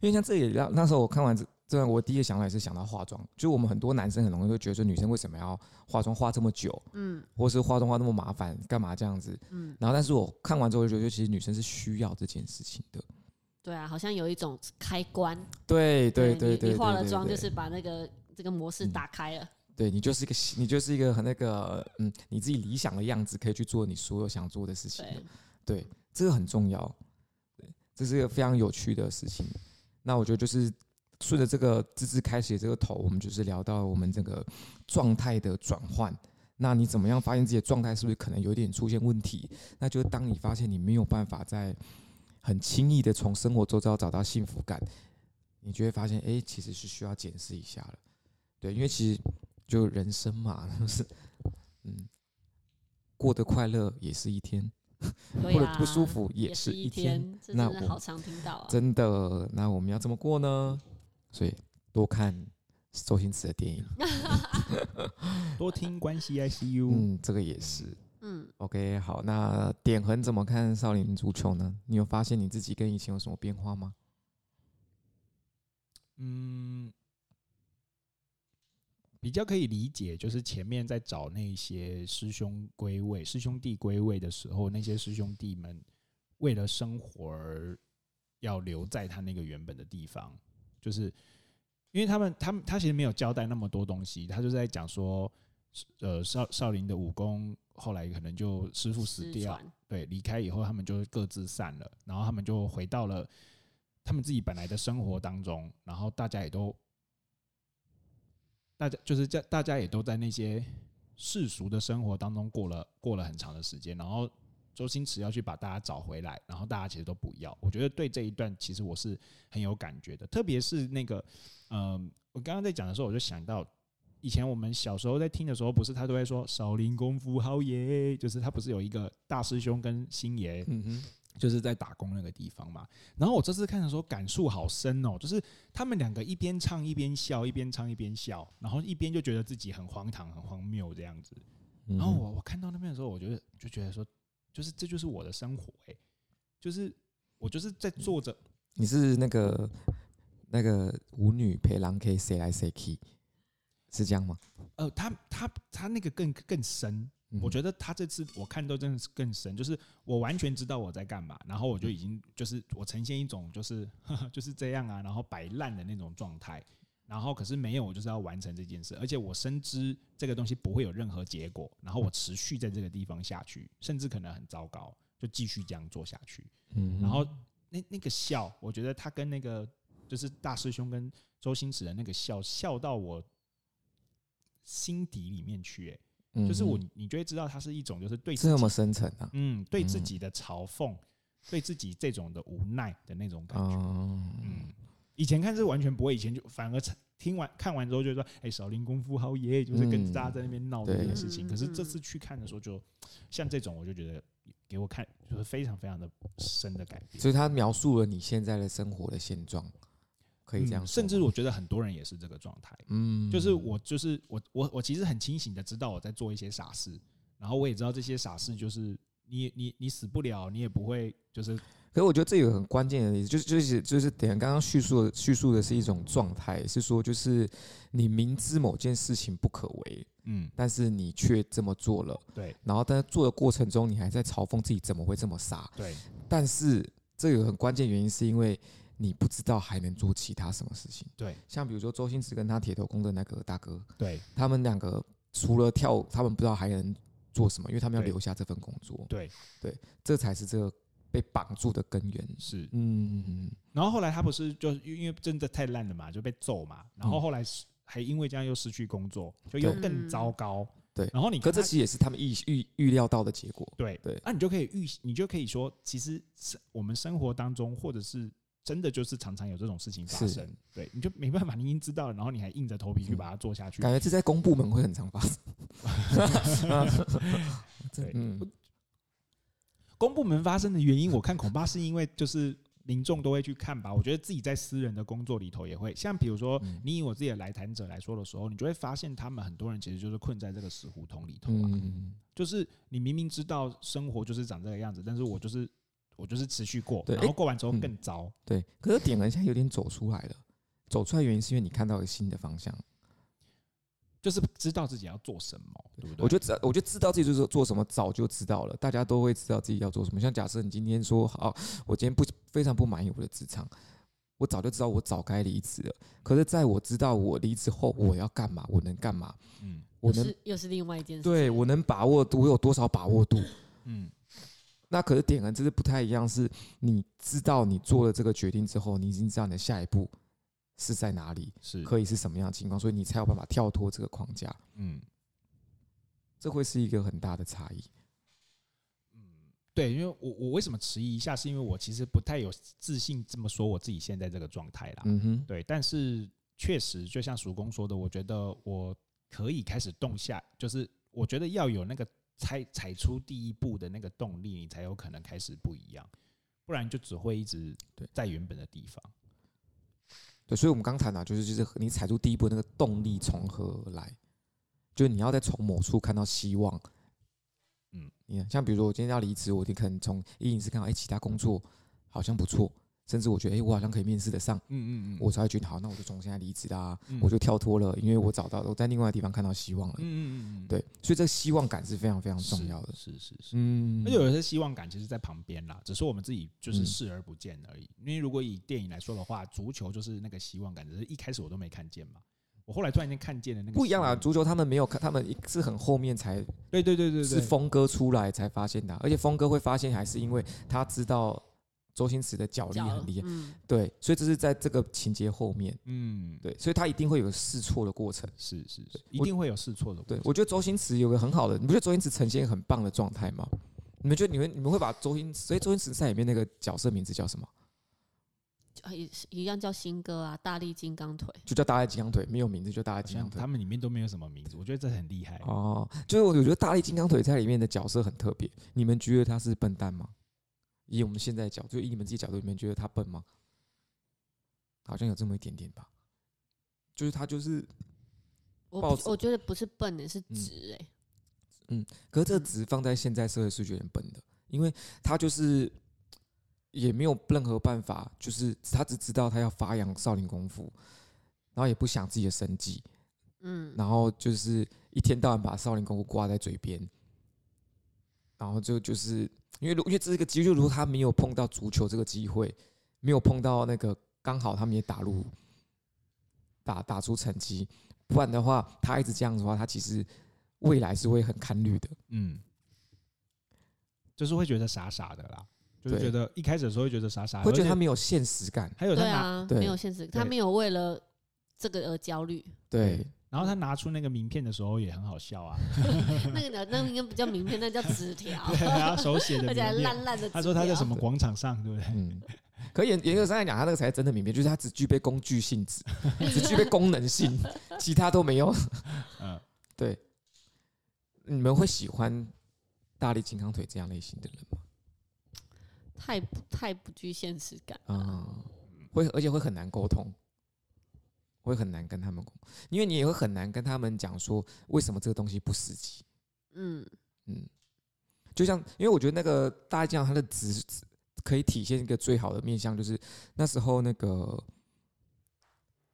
因為像這裡，那時候我看完這。雖然我第一個想法也是想到化妝，就我們很多男生很容易就覺得說女生為什麼要化妝化這麼久，嗯，或是化妝化那麼麻煩，幹嘛這樣子？嗯，然後但是我看完之後，我覺得其實女生是需要這件事情的。對啊，好像有一種開關。對對對，對，對，對，對，對，對，對，對，你化了妝就是把那個這個模式打開了。嗯，對你就是一個你就是一個很那個嗯你自己理想的樣子，可以去做你所有想做的事情的。對。對，這個很重要。這是一個非常有趣的事情。那我覺得就是。順着這個字字開始的這個頭，我們就是聊到我們整個狀態的轉換。那你怎麼樣發現自己的狀態是不是可能有點出現問題？那就當你發現你沒有辦法在很輕易的從生活周遭找到幸福感，你就會發現，哎、欸，其實是需要檢視一下了。對，因為其實就人生嘛，是嗯，過得快樂也是一天，過得、啊、不舒服也是一天。一天真的好常聽到、啊，真的。那我們要怎麼過呢？所以多看周星馳的電影， (laughs) 多聽《關係 I C U》。嗯，這個也是。嗯，OK，好。那點恆怎麼看《少林足球》呢？你有發現你自己跟以前有什麼變化嗎？嗯，比較可以理解，就是前面在找那些師兄歸位、師兄弟歸位的時候，那些師兄弟們為了生活而要留在他那個原本的地方。就是，因為他們，他們，他其實沒有交代那麼多東西，他就在講說，呃，少少林的武功後來可能就師傅死掉，對，離開以後，他們就各自散了，然後他們就回到了他們自己本來的生活當中，然後大家也都，大家就是在大家也都在那些世俗的生活當中過了過了很長的時間，然後。周星馳要去把大家找回來，然後大家其實都不要。我覺得對這一段其實我是很有感覺的，特別是那個，嗯、呃，我剛剛在講的時候，我就想到以前我們小時候在聽的時候，不是他都會說《少林功夫》好耶，就是他不是有一個大師兄跟星爺，嗯，就是在打工那個地方嘛。然後我這次看的時候感觸好深哦，就是他們兩個一邊唱一邊笑，一邊唱一邊笑，然後一邊就覺得自己很荒唐、很荒謬這樣子。然後我我看到那邊的時候，我覺得就覺得說。就是這就是我的生活哎、欸，就是我就是在坐著、嗯。你是那個那個舞女陪郎，可以誰來誰去是這樣嗎？呃，他他他那個更更深、嗯，我覺得他這次我看到真的是更深。就是我完全知道我在幹嘛，然後我就已經就是我呈現一種就是 (laughs) 就是這樣啊，然後擺爛的那種狀態。然後，可是沒有，我就是要完成這件事，而且我深知這個東西不會有任何結果。然後我持續在這個地方下去，甚至可能很糟糕，就繼續這樣做下去。嗯、然後，那那個笑，我覺得他跟那個就是大師兄跟周星馳的那個笑，笑到我心底裡面去、嗯，就是我，你就會知道，它是一種就是對自己這麼深沉啊，嗯，對自己的嘲諷、嗯，對自己這種的無奈的那種感覺，哦、嗯。以前看是完全不會，以前就反而聽完看完之後就說：“哎、欸，少林功夫好耶！”就是跟大家在那邊鬧這件事情、嗯。可是這次去看的時候，就像這種，我就覺得給我看就是非常非常的深的感覺。所以，他描述了你現在的生活的現狀，可以這樣說、嗯。甚至我覺得很多人也是這個狀態。嗯，就是我，就是我，我，我其實很清醒的知道我在做一些傻事，然後我也知道這些傻事就是你，你，你，你死不了，你也不會就是。可是我覺得這個很關鍵的例子，就是就是就是等於剛剛敘述敘述的是一種狀態，是說就是你明知某件事情不可為，嗯，但是你卻這麼做了，對。然後但是做的過程中，你還在嘲諷自己怎麼會這麼傻，對。但是這個很關鍵原因是因為你不知道還能做其他什麼事情，對。像比如說周星馳跟他鐵頭功的那個大哥，對，他們兩個除了跳，他們不知道還能做什麼，因為他們要留下這份工作，對對，這才是這個。被綁住的根源是，嗯，然後後來他不是就因為真的太爛了嘛，就被揍嘛，然後後來還因為這樣又失去工作，就又更糟糕。對，嗯、然後你可這其實也是他們預預預料到的結果。對對，那、啊、你就可以預你就可以說，其實我們生活當中，或者是真的就是常常有這種事情發生。對，你就沒辦法，你已經知道了，然後你還硬着頭皮去把它做下去，嗯、感覺這在公部門會很常發生。嗯、 (laughs) (laughs) (laughs) 對。對嗯公部門發生的原因，我看恐怕是因為就是民眾都會去看吧。我覺得自己在私人的工作裡頭也會，像比如說你以我自己的來談者來說的時候，你就會發現他們很多人其實就是困在這個死胡同裡頭啊。就是你明明知道生活就是長這個樣子，但是我就是我就是持續過，然後過完之後更糟。對、欸嗯，對。可是點了一下，有點走出來了。走出來原因是因為你看到了新的方向。就是知道自己要做什麼，對不對？我覺得，我覺得知道自己就是做什麼，早就知道了。大家都會知道自己要做什麼。像假設你今天說好，我今天不非常不滿意我的職場，我早就知道我早該離職了。可是，在我知道我離職後，我要幹嘛？我能幹嘛？嗯，我能又是，又是另外一件事。對，我能把握，我有多少把握度？嗯，那可是點跟這是不太一樣，是你知道你做了這個決定之後，你已經知道你的下一步。是在哪裡，是可以，是什麼樣的情況，所以你才有辦法跳脫這個框架。嗯，這會是一個很大的差異。嗯，對，因為我我為什麼遲疑一下，是因為我其實不太有自信這麼說我自己現在這個狀態啦。嗯哼，對，但是確實就像熟公說的，我覺得我可以開始動下，就是我覺得要有那個踩踩出第一步的那個動力，你才有可能開始不一樣，不然就只會一直在原本的地方。對，所以，我們剛才呢，就是，就是你踩出第一步的那個動力從何而來？就是你要在從某處看到希望，嗯，你看，像比如說我今天要離職，我就可能從一零四看到，哎，其他工作好像不錯。甚至我覺得，哎、欸，我好像可以面試得上，嗯嗯嗯，我才覺得好，那我就從現在離職啦，我就跳脫了，因為我找到我在另外的地方看到希望了，嗯嗯嗯，對，所以這個希望感是非常非常重要的，是是是，是，嗯，那有些希望感其實在旁邊啦，只是我們自己就是視而不見而已、嗯。因為如果以電影來說的話，足球就是那個希望感，只是一開始我都沒看見嘛，我後來突然間看見的那個不一樣啦，足球他們沒有看，他們是很後面才，對對對對對，是峰哥出來才發現的，對對對對對對，而且峰哥會發現還是因為他知道。周星馳的腳力很厲害，嗯，對，所以這是在這個情節後面，嗯，對，所以他一定會有試錯的過程，是是是，一定會有試錯的過程。對我覺得周星馳有個很好的，你不覺得周星馳呈現很棒的狀態嗎？你們覺得你們你們會把周星馳所以周星馳在裡面那個角色名字叫什麼？一一樣叫新哥啊，大力金剛腿就叫大力金剛腿，沒有名字就大力金剛腿，他們裡面都沒有什麼名字，我覺得這很厲害哦。就是我我覺得大力金剛腿在裡面的角色很特別，你們覺得他是笨蛋嗎？以我們現在的角度，就以你們自己角度裡面，覺得他笨嗎？好像有這麼一點點吧。就是他就是我，我我覺得不是笨，是直哎、欸嗯。嗯，可是這個直放在現在社會是有點笨的、嗯，因為他就是也沒有任何辦法，就是他只知道他要發揚少林功夫，然後也不想自己的生計，嗯，然後就是一天到晚把少林功夫掛在嘴邊，然後就就是。因為如因為這是個機會，如果他沒有碰到足球這個機會，沒有碰到那個剛好他們也打入打打出成績，不然的話他一直這樣子的話，他其實未來是會很堪慮的，嗯，就是會覺得傻傻的啦，就是覺得一開始的時候會覺得傻傻的、的，會覺得他沒有現實感，還有他沒有現實，他沒有為了這個而焦慮，對。對然後他拿出那個名片的時候也很好笑啊、 (laughs) 那個，那個那應該不叫名片，那個、叫紙條， (laughs) 手寫的，而且爛爛的。他說他在什麼廣場上，對不對？嗯。可嚴格上來講，他那個才是真的名片，就是他只具備工具性質， (laughs) 只具備功能性， (laughs) 其他都沒有。嗯，對。你們會喜歡大力金剛腿這樣類型的人嗎？太不太不具現實感啊、嗯，會而且會很難溝通。會很難跟他們，因為你也會很難跟他們講說為什麼這個東西不實際。嗯嗯，就像因為我覺得那個大將他的值可以體現一個最好的面相，就是那時候那個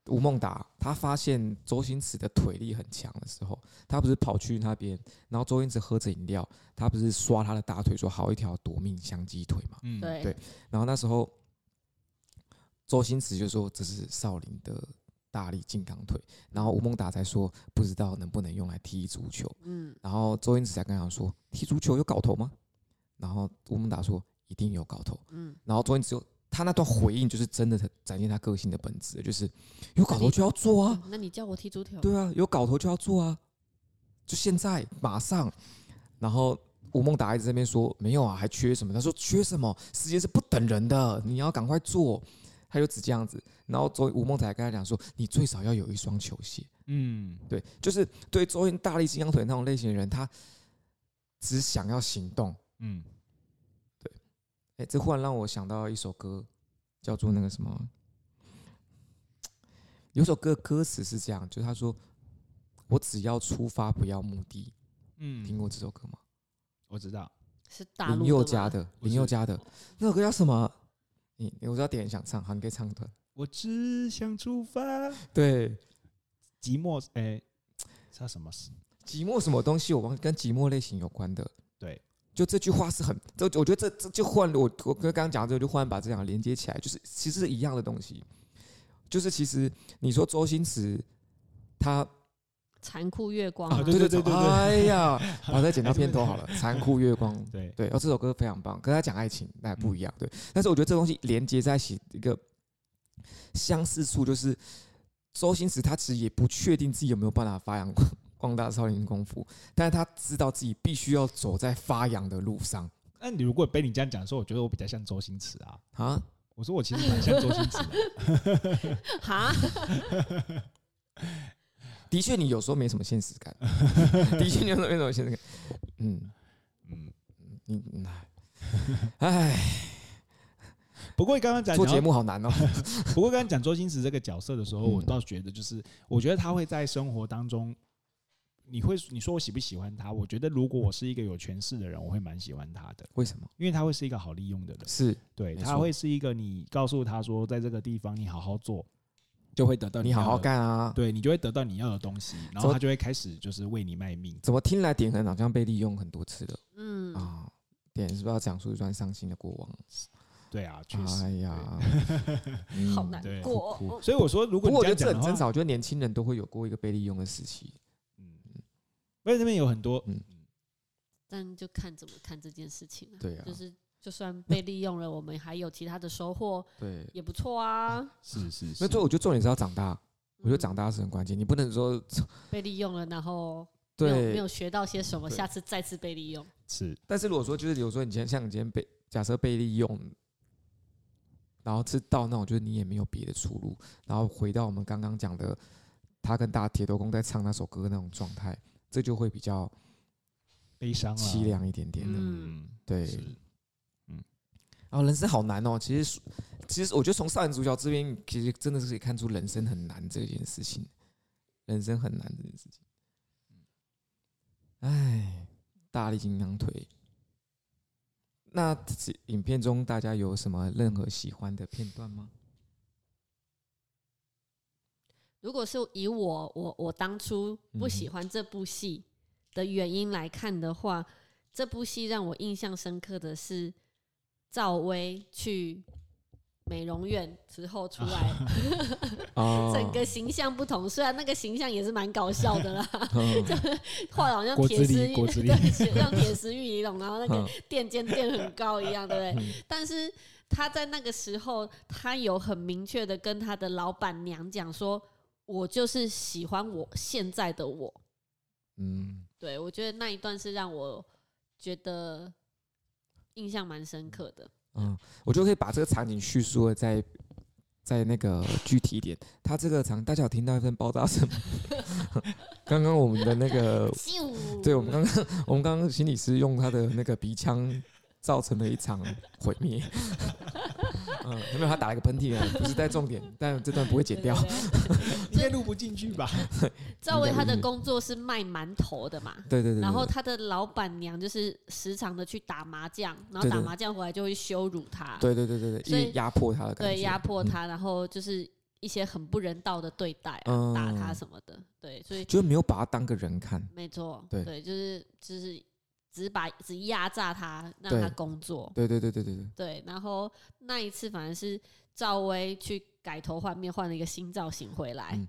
吳孟達他發現周星馳的腿力很強的時候，他不是跑去那邊，然後周星馳喝着飲料，他不是刷他的大腿說好一條奪命香雞腿嘛？嗯，對，對。然後那時候周星馳就說這是少林的。大力金剛腿，然後吳孟達才說不知道能不能用來踢足球，嗯，然後周星馳才跟他說踢足球有搞頭嗎？然後吳孟達說一定有搞頭，嗯，然後周星馳他那段回應就是真的展現他個性的本質，就是有搞頭就要做啊，哎你,要做啊嗯，那你叫我踢足球？對啊，有搞頭就要做啊，就現在馬上，然後吳孟達在那邊說沒有啊，還缺什麼？他說缺什麼？時間是不等人的，你要趕快做。他就只這樣子，然後周吳孟達跟他講說：“你最少要有一雙球鞋。”嗯，對，就是對周雲大力金剛腿那種類型的人，他只想要行動。嗯，對。哎、欸，這忽然讓我想到一首歌，叫做那個什麼，有首歌歌詞是這樣，就是他說：“我只要出發，不要目的。”嗯，聽過這首歌嗎？我知道，是林宥嘉的，的林宥嘉的那首歌叫什麼？你，我知道點想唱，還可以唱段。我只想出發。對，寂寞，哎、欸，這什麼事？寂寞什麼東西？我忘，跟寂寞類型有關的。對，就這句話是很，這我覺得這這就換了。我我剛講之後就換把這兩個連接起來，就是其實是一樣的東西。就是其實你說周星馳，他。殘酷月光、啊，啊、對對對對，對，對、啊、哎呀，我再剪到片頭好了。殘酷月光，對對，然、哦、這首歌非常棒，跟他講愛情，那不一樣，對。但是我覺得這東西連接在一起一個相似處，就是周星馳他其實也不確定自己有沒有辦法發揚光，光大少林功夫，但是他知道自己必須要走在發揚的路上。那你如果被你這樣講說，我覺得我比較像周星馳啊哈、嗯，我說我其實蠻像周星馳、啊、哈、啊。 (laughs) 的確，你有時候沒什麼現實感。的確， (laughs) 你有時候沒有什麼現實感。嗯 (laughs) 嗯嗯，哎，不過你剛剛講做節目好難哦。 (laughs) 不過剛剛講周星馳這個角色的時候，我倒覺得就是，我覺得他會在生活當中，你會你說我喜不喜歡他？我覺得如果我是一個有權勢的人，我會蠻喜歡他的。為什麼？因為他會是一個好利用的人。是，對，他會是一個你告訴他說，在這個地方你好好做。就會得到你，你好好幹啊對，對你就會得到你要的東西，然後他就會開始就是為你賣命怎。怎麼聽來點，點很好像被利用很多次了。嗯啊，點是不是要講述一段傷心的過往？嗯、對啊，哎呀，好難過。哦、所以我說，如果我覺得這很正常，我覺得年輕人都會有過一個被利用的時期。嗯嗯，而且那邊有很多嗯嗯，但就看怎麼看這件事情了、啊。對啊，就是。就算被利用了，我們還有其他的收穫，啊、對，也不錯啊。是，是那最後，我覺得重點是要長大，嗯、我覺得長大是很關鍵。你不能說被利用了，然後沒有，對沒有學到些什麼，下次再次被利用。是。但是如果說就是比如說你今天像你今天被假設被利用，然後知道那種，就是你也沒有別的出路，然後回到我們剛剛講的他跟大鐵頭功在唱那首歌那種狀態，這就會比較悲傷、淒涼一點點、啊、嗯，對。啊、哦，人生好難哦！其實，其實我覺得從少女主角這邊，其實真的是可以看出人生很難這件事情，人生很難這件事情。唉，大力金剛腿。那影片中大家有什麼任何喜歡的片段嗎？如果是以我我我當初不喜歡這部戲的原因來看的話，這部戲讓我印象深刻的是。趙薇去美容院之後出來， (laughs) 整個形象不同。雖然那個形象也是蠻搞笑的啦， (laughs) 嗯、就畫的像鐵絲玉，對 (laughs) 像鐵絲玉一樣，然後那個墊肩墊很高一樣，對不對、嗯？但是他在那個時候，他有很明確的跟他的老板娘講說：“我就是喜歡我現在的我。”嗯，對，我覺得那一段是讓我覺得。印象蠻深刻的，嗯，我就可以把這個場景敘述的再再那個具體一點。他這個場，大家有聽到一聲爆炸聲嗎？剛 (laughs) 剛 (laughs) 我們的那個， (laughs) 對，我們剛剛我們剛剛心理師用他的那個鼻腔，造成了一場毀滅。嗯，有沒有他打了一個噴嚏啊？不是在重點， (laughs) 但這段不會剪掉對對對對。這段錄不進去吧？趙薇他的工作是賣饅頭的嘛？對對，對對對。然後他的老板娘就是時常的去打麻將，對對對對，然後打麻將回來就會羞辱他。對對對對對，壓迫她，對，壓迫他，嗯，然後就是一些很不人道的對待，啊嗯，打他什麼的。對，所以就沒有把他當個人看。沒錯。對對，就是就是。只把只壓榨他，讓他工作。對對對對對對。對，然後那一次反而是趙薇去改頭換面，換了一個新造型回來。嗯。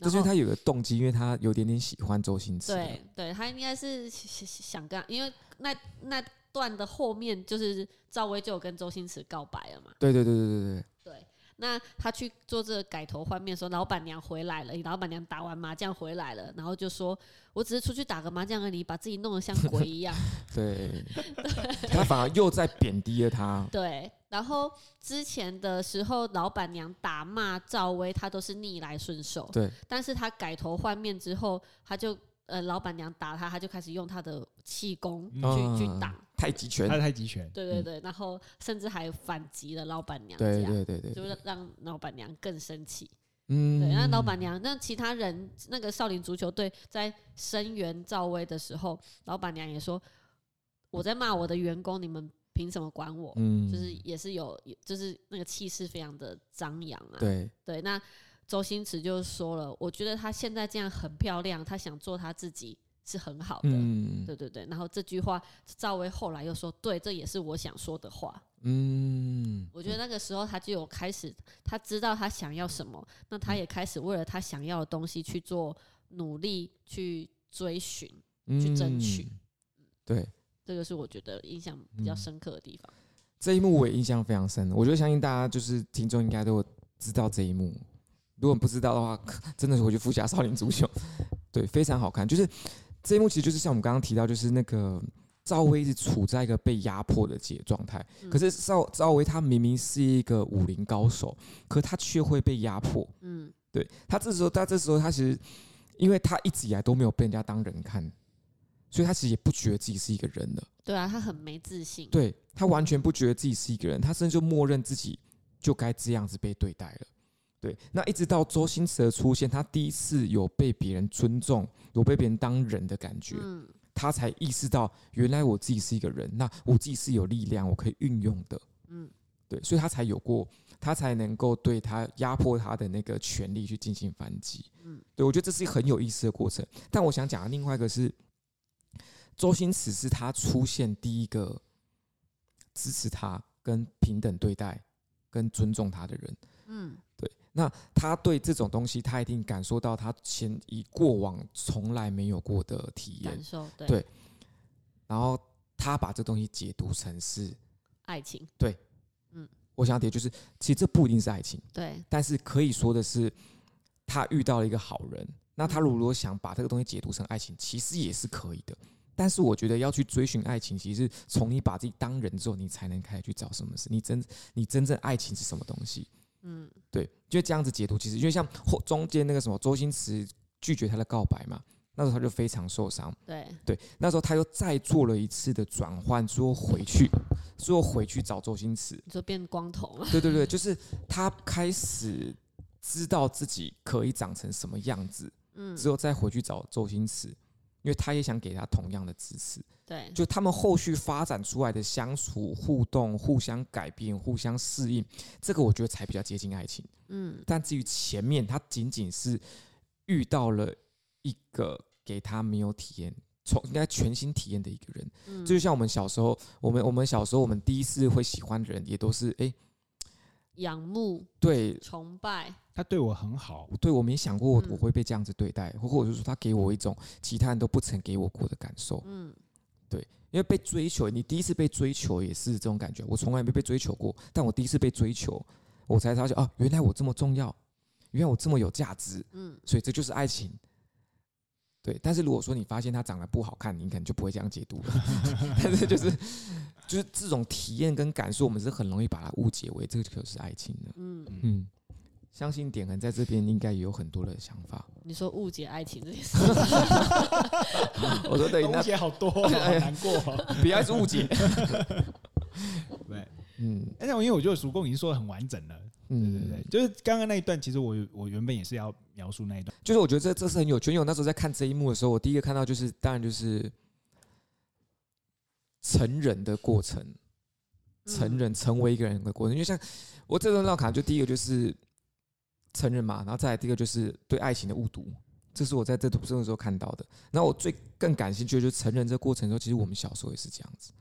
就是他有個動機，因為他有點點喜歡周星馳。對，對，他應該是想跟，因為那那段的後面就是趙薇就有跟周星馳告白了嘛。對對對對對,對。那他去做這個改頭換面，說老闆娘回來了，老闆娘打完麻將回來了，然後就說：“我只是出去打個麻將而已，把自己弄得像鬼一樣 (laughs) 。”對， (laughs) 對他反而又在貶低了他。 (laughs) 對，然後之前的時候，老闆娘打罵趙薇，她都是逆來順受。對，但是他改頭換面之後，他就呃，老闆娘打他，他就開始用他的氣功去、嗯、去打。太極拳，他太極拳，對對對，然後甚至還反擊了老闆娘，對對對對，就是讓老闆娘更生氣。嗯，對，那老闆娘，那其他人，那個少林足球隊在聲援趙薇的時候，老闆娘也說：“我在罵我的員工，你們憑什麼管我？”嗯，就是也是有，就是那個氣勢非常的張揚啊。對對，那周星馳就說了：“我覺得他現在這樣很漂亮，他想做他自己。”是很好的，嗯、對對對。然後這句話，趙薇後來又說：“對，這也是我想說的話。”嗯，我覺得那個時候他就有開始，他知道他想要什麼，嗯、那他也開始為了他想要的東西去做努力，去追尋，嗯、去爭取、嗯。對，這個是我覺得印象比較深刻的地方。嗯、這一幕我也印象非常深，我覺得相信大家就是聽眾應該都知道這一幕。如果不知道的話，真的是回去復習《少林足球》，對，非常好看，就是。這一幕其實就是像我們剛剛提到，就是那個趙薇一直處在一個被壓迫的解狀態。可是趙趙薇她明明是一個武林高手，可她卻會被壓迫。嗯，對，她這時候，她這時候，她其實，因為她一直以來都沒有被人家當人看，所以她其實也不覺得自己是一個人了。對啊，她很沒自信。對，他完全不覺得自己是一個人，他甚至就默認自己就該這樣子被對待了。對，那一直到周星馳的出現，他第一次有被別人尊重、有被別人當人的感覺，嗯、他才意識到原來我自己是一個人，那我自己是有力量，我可以運用的。嗯，對，所以他才有過，他才能夠對他壓迫他的那個權力去進行反擊。嗯，對，我覺得這是一個很有意思的過程。但我想講的另外一個是，是周星馳是他出現第一個支持他、跟平等對待、跟尊重他的人。嗯。對，那他對這種東西，他一定感受到他前一過往從來沒有過的體驗感受，對，對。然後他把這東西解讀成是愛情，對，嗯，我想要點就是，其實這不一定是愛情，對，但是可以說的是，他遇到了一個好人。那他如果想把這個東西解讀成愛情，其實也是可以的。但是我覺得要去追尋愛情，其實從你把自己當人之後，你才能開始去找什麼事。你真，你真正愛情是什麼東西？嗯，對，就這樣子解讀，其實因為像中間那個什麼周星馳拒絕他的告白嘛，那時候他就非常受傷。對對，那時候他又再做了一次的轉換，之後回去， (laughs) 之後回去找周星馳，就變光頭了。對對對，就是他開始知道自己可以長成什麼樣子，嗯，之後再回去找周星馳。因為他也想給他同樣的支持，對，就他們後續發展出來的相處、互動、互相改變、互相適應，這個我覺得才比較接近愛情。嗯，但至於前面他僅僅是遇到了一個給他沒有體驗、從應該全新體驗的一個人，這、嗯、就像我們小時候，我們我們小時候我們第一次會喜歡的人，也都是哎。欸仰慕，對，崇拜，他對我很好，對我沒想過我會被這樣子對待，或、嗯、或者說他給我一種其他人都不曾給我過的感受，嗯，對，因為被追求，你第一次被追求也是這種感覺，我從來沒被追求過，但我第一次被追求，我才發現哦，原來我這麼重要，原來我這麼有價值，嗯，所以這就是愛情。對，但是如果說你發現他長得不好看，你可能就不會這樣解讀了。 (laughs) 但是就是就是這種體驗跟感受，我們是很容易把它誤解為這個就是愛情的。嗯嗯，相信典恆在這邊應該也有很多的想法。你說誤解愛情這件事？ (laughs) (laughs) 我說對，誤解好多、哦，很、 (laughs) 哎、難過、哦，別是誤解。對， (laughs) 嗯。哎，那我因為我覺得曙光已經說的很完整了。對對對，就是剛剛那一段，其實我我原本也是要描述那一段。就是我覺得這這是很有趣，因為我那時候在看這一幕的時候，我第一個看到就是，當然就是成人的過程，成人成為一個人的過程，因為像我這張繞卡，就第一個就是成人嘛，然後再來第二個就是對愛情的誤讀，這是我在這段時候看到的。那我最更感興趣的就是成人這個過程的時候，其實我們小時候也是這樣子，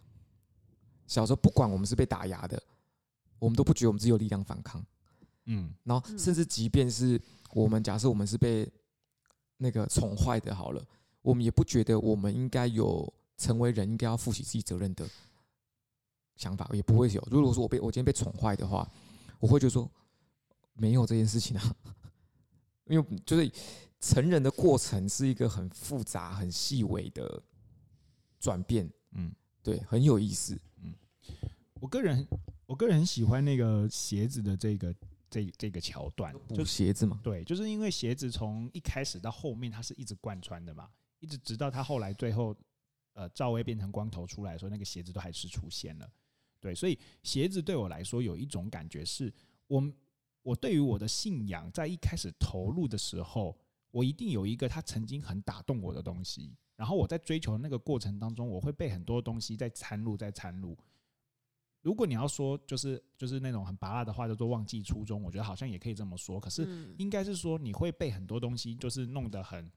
小時候不管我們是被打壓的，我們都不覺得我們自己有力量反抗。嗯，然後甚至即便是我們假設我們是被那個寵壞的，好了，我們也不覺得我們應該有成為人應該要負起自己責任的想法，也不會有。如果說我被我今天被寵壞的話，我會覺得說沒有這件事情啊，因為就是成人的過程是一個很複雜、很細微的轉變。嗯，對，很有意思。嗯，我我個人我個人很喜歡那個鞋子的這個。這這個橋段，就鞋子嘛，對，就是因為鞋子從一開始到後面，它是一直貫穿的嘛，一直直到它後來最後，呃，趙薇變成光頭出來的時候，那個鞋子都還是出現了，對，所以鞋子對我來說有一種感覺是，是我我對於我的信仰在一開始投入的時候，我一定有一個它曾經很打動我的東西，然後我在追求的那個過程當中，我會被很多東西在摻入，在摻入。如果你要說就是就是那種很芭樂的話，叫做忘記初衷，我覺得好像也可以這麼說。可是應該是說你會被很多東西，就是弄得很，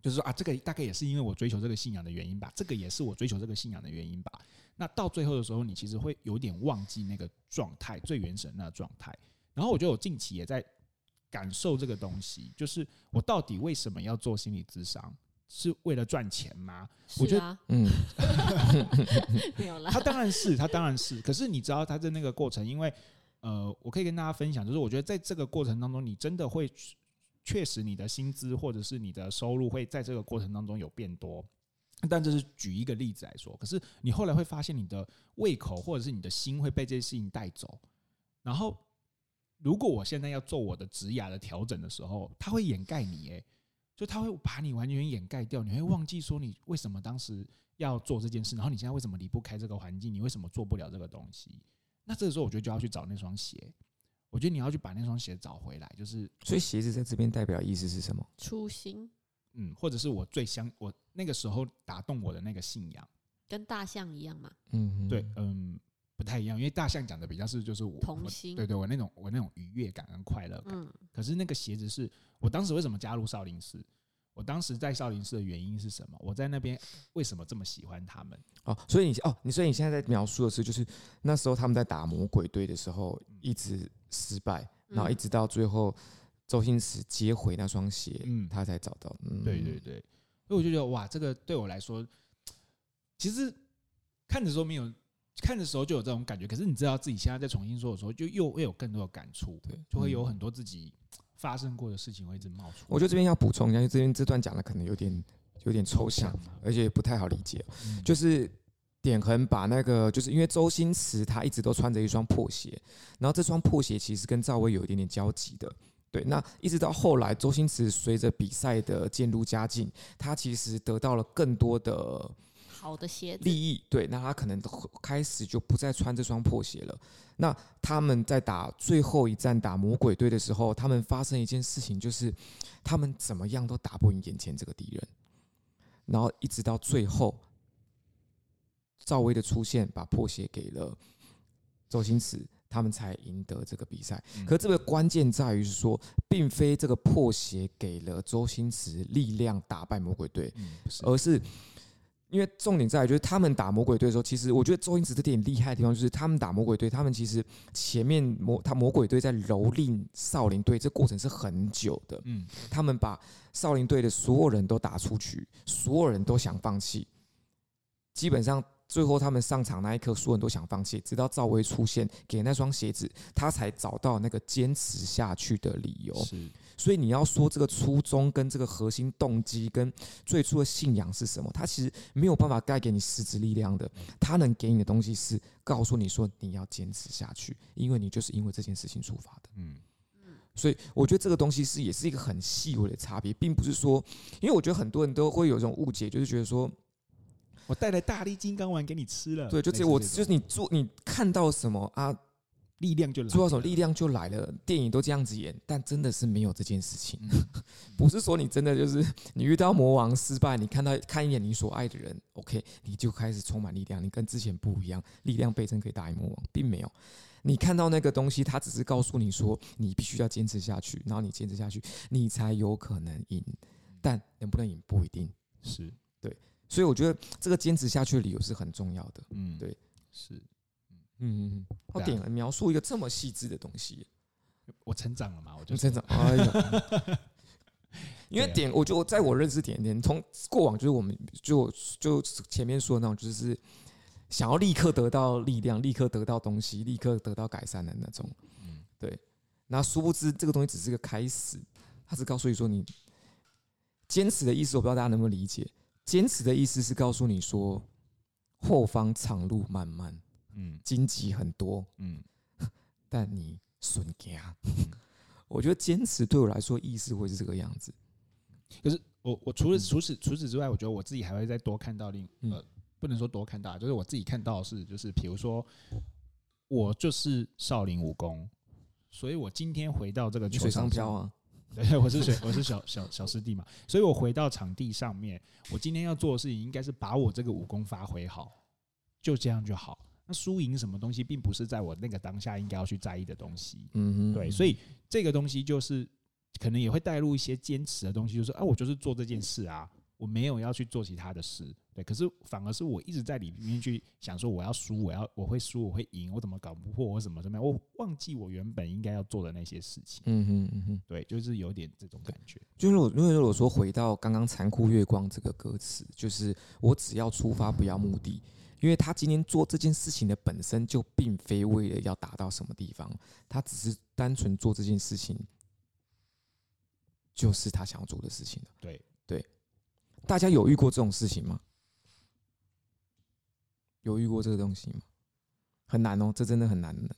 就是說啊，這個大概也是因為我追求這個信仰的原因吧，這個也是我追求這個信仰的原因吧。那到最後的時候，你其實會有點忘記那個狀態，最原始的那狀態。然後我覺得我近期也在感受這個東西，就是我到底為什麼要做心理諮商？是為了賺錢嗎？是啊？我覺得，嗯， (laughs) 他當然是，他當然是。可是你知道，他在那個過程，因為呃，我可以跟大家分享，就是我覺得在這個過程當中，你真的會確實你的薪資或者是你的收入會在這個過程當中有變多，但這是舉一個例子來說。可是你後來會發現，你的胃口或者是你的心會被這些事情帶走。然後，如果我現在要做我的職涯的調整的時候，他會掩蓋你、欸，誒。就他會把你完全掩蓋掉，你會忘記說你為什麼當時要做這件事，然後你現在為什麼離不開這個環境，你為什麼做不了這個東西？那這個時候，我覺得就要去找那雙鞋。我覺得你要去把那雙鞋找回來，就是。所以鞋子在這邊代表意思是什麼？初心，嗯，或者是我最想我那個時候打動我的那個信仰，跟大象一樣嘛？嗯，對，嗯，不太一樣，因為大象講的比較是就是我童心，對,對對，我那種我那種愉悅感跟快樂感。嗯，可是那個鞋子是。我當時為什麼加入少林寺？我當時在少林寺的原因是什麼？我在那邊為什麼這麼喜歡他們？哦，所以你哦，你所以你現在在描述的是，就是那時候他們在打魔鬼隊的時候一直失敗，然後一直到最後，嗯、周星馳接回那雙鞋，嗯，他才找到。嗯、對對對，所以我就覺得哇，這個對我來說，其實看的時候沒有，看的時候就有這種感覺。可是你知道自己現在在重新說的時候，就又會有更多的感觸，對，就會有很多自己。發生過的事情會一直冒出來。我覺得這邊要補充一下，因為這邊這段講的可能有點有點抽象，抽象而且也不太好理解。嗯、就是點恆把那個，就是因為周星馳他一直都穿着一雙破鞋，然後這雙破鞋其實跟趙薇有一點點交集的。對，那一直到後來，周星馳隨着比賽的漸入佳境，他其實得到了更多的。好的鞋子利益。對，那他可能開始就不再穿這雙破鞋了。那他們在打最後一戰，打魔鬼隊的時候，他們發生一件事情，就是他們怎麼樣都打不贏眼前這個敵人。然後一直到最後，趙、嗯、薇的出現，把破鞋給了周星馳，他們才贏得這個比賽，嗯。可這個關鍵在於是說，並非這個破鞋給了周星馳力量打敗魔鬼隊，嗯，而是。因為重點在於，就是他們打魔鬼隊的時候，其實我覺得周星馳這點厲害的地方，就是他們打魔鬼隊，他們其實前面魔他魔鬼隊在蹂躪少林隊，這過程是很久的。嗯，他們把少林隊的所有人都打出去，所有人都想放棄，基本上最後他們上場那一刻，所有人都想放棄，直到趙薇出現給那雙鞋子，他才找到那個堅持下去的理由。是。所以你要說這個初衷跟這個核心動機跟最初的信仰是什麼？它其實沒有辦法帶給你實質力量的。它能給你的東西是告訴你說，你要堅持下去，因為你就是因為這件事情出發的。嗯嗯，所以我覺得這個東西是也是一個很細微的差別，並不是說，因為我覺得很多人都會有一種誤解，就是覺得說我帶來大力金剛丸給你吃了，對，就這我就是你做你看到什麼啊？力量就來了，主要說力量就來了。電影都這樣子演，但真的是沒有這件事情，嗯。 (laughs) 不是說你真的就是你遇到魔王失敗，你看到看一眼你所愛的人，OK，你就開始充滿力量，你跟之前不一樣，力量倍增可以打贏魔王，並沒有。你看到那個東西，它只是告訴你說，你必須要堅持下去，然後你堅持下去，你才有可能贏。但能不能贏不一定，嗯，是對。所以我覺得這個堅持下去的理由是很重要的。嗯，對，是。嗯嗯嗯，我點了描述一個這麼細緻的東西，我成長了嘛？我就、嗯、成長，哎呀， (laughs) 因為點，我就在我認識點點，從過往就是我們就就前面說的那種，就是想要立刻得到力量，立刻得到東西，立刻得到改善的那種。嗯，對。那殊不知這個東西只是個開始，他是告訴你說你堅持的意思，我不知道大家能不能理解。堅持的意思是告訴你說後方長路漫漫。嗯，荊棘很多，嗯，但你損家、嗯，我覺得堅持對我來說意思會是這個樣子。可是我，我我除了除此、嗯、除此之外，我覺得我自己還會再多看到另、嗯、呃，不能說多看到，就是我自己看到的是，就是比如說，我就是少林武功，所以我今天回到這個上水上漂啊，對，我是水，我是小小小，小師弟嘛，所以我回到場地上面，我今天要做的事情應該是把我這個武功發揮好，就這樣就好。輸贏什麼東西，並不是在我那個當下應該要去在意的東西。嗯哼，對，所以這個東西就是可能也會帶入一些堅持的東西，就是啊，我就是做這件事啊，我沒有要去做其他的事。對，可是反而是我一直在裡面去想說，我要輸，我要我會輸，我會贏，我怎麼搞不破，我怎麼怎麼樣，我忘記我原本應該要做的那些事情。嗯哼嗯哼，對，就是有點這種感覺、嗯。嗯、就是我，因為如果說回到剛剛《殘酷月光》這個歌詞，就是我只要出發，不要目的。因為他今天做這件事情的本身就並非為了要達到什麼地方，他只是單純做這件事情，就是他想要做的事情，對對，大家有遇過這種事情嗎？有遇過這個東西嗎？很難哦，這真的很難的。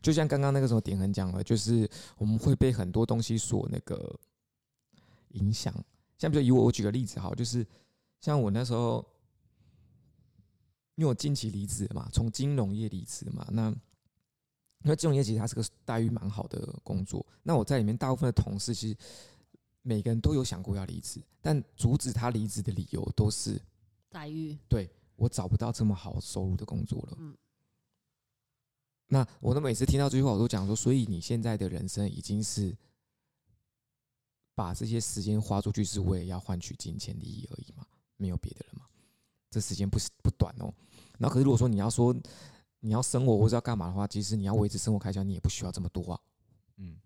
就像剛剛那個時候，點恆講了，就是我們會被很多東西所那個影響。像比如以我我舉個例子哈，就是像我那時候。因為我近期離職嘛，從金融業離職嘛，那因為金融業其實它是個待遇蠻好的工作。那我在裡面大部分的同事，其實每個人都有想過要離職，但阻止他離職的理由都是待遇。對，我找不到這麼好收入的工作了。嗯。那我都每次聽到這句話，我都講說：「所以你現在的人生已經是把這些時間花出去，是為了要換取金錢利益而已嘛？沒有別的人嘛。」這時間不是不短哦，那可是如果說你要說你要生活或者要幹嘛的話，其實你要維持生活開銷，你也不需要這麼多啊。嗯，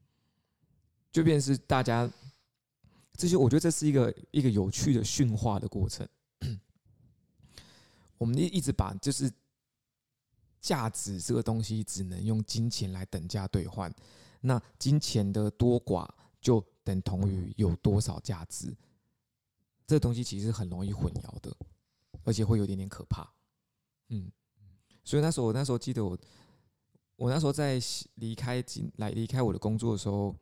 就便是大家這些，我覺得這是一個一個有趣的馴化的過程。我們一直把就是價值這個東西只能用金錢來等價兌換，那金錢的多寡就等同於有多少價值。這個東西其實很容易混淆的。而且會有點點可怕，嗯，所以那時候我那時候記得我，我那時候在離開進來離開我的工作的時候，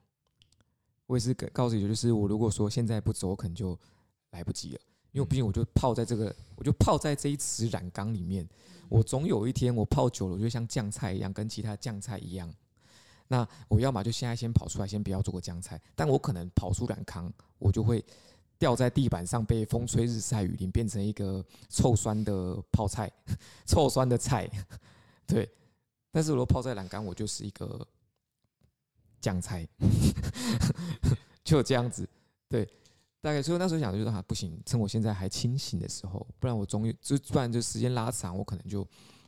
我也是告訴自己，就是我如果說現在不走，我可能就來不及了，因為畢竟我就泡在這個，我就泡在這一池染缸裡面，我總有一天我泡久了，就像醬菜一樣，跟其他醬菜一樣，那我要麼就現在先跑出來，先不要做個醬菜，但我可能跑出染缸，我就會。掉在地板上，被風吹日曬雨淋，變成一個臭酸的泡菜，呵呵臭酸的菜，對。但是，如果泡在欄杆，我就是一個醬菜， (laughs) (laughs) 就這樣子。對。大概所以我那時候想的就是，哈、啊，不行，趁我現在還清醒的時候，不然我終於就，不然就了時間拉長，我可能就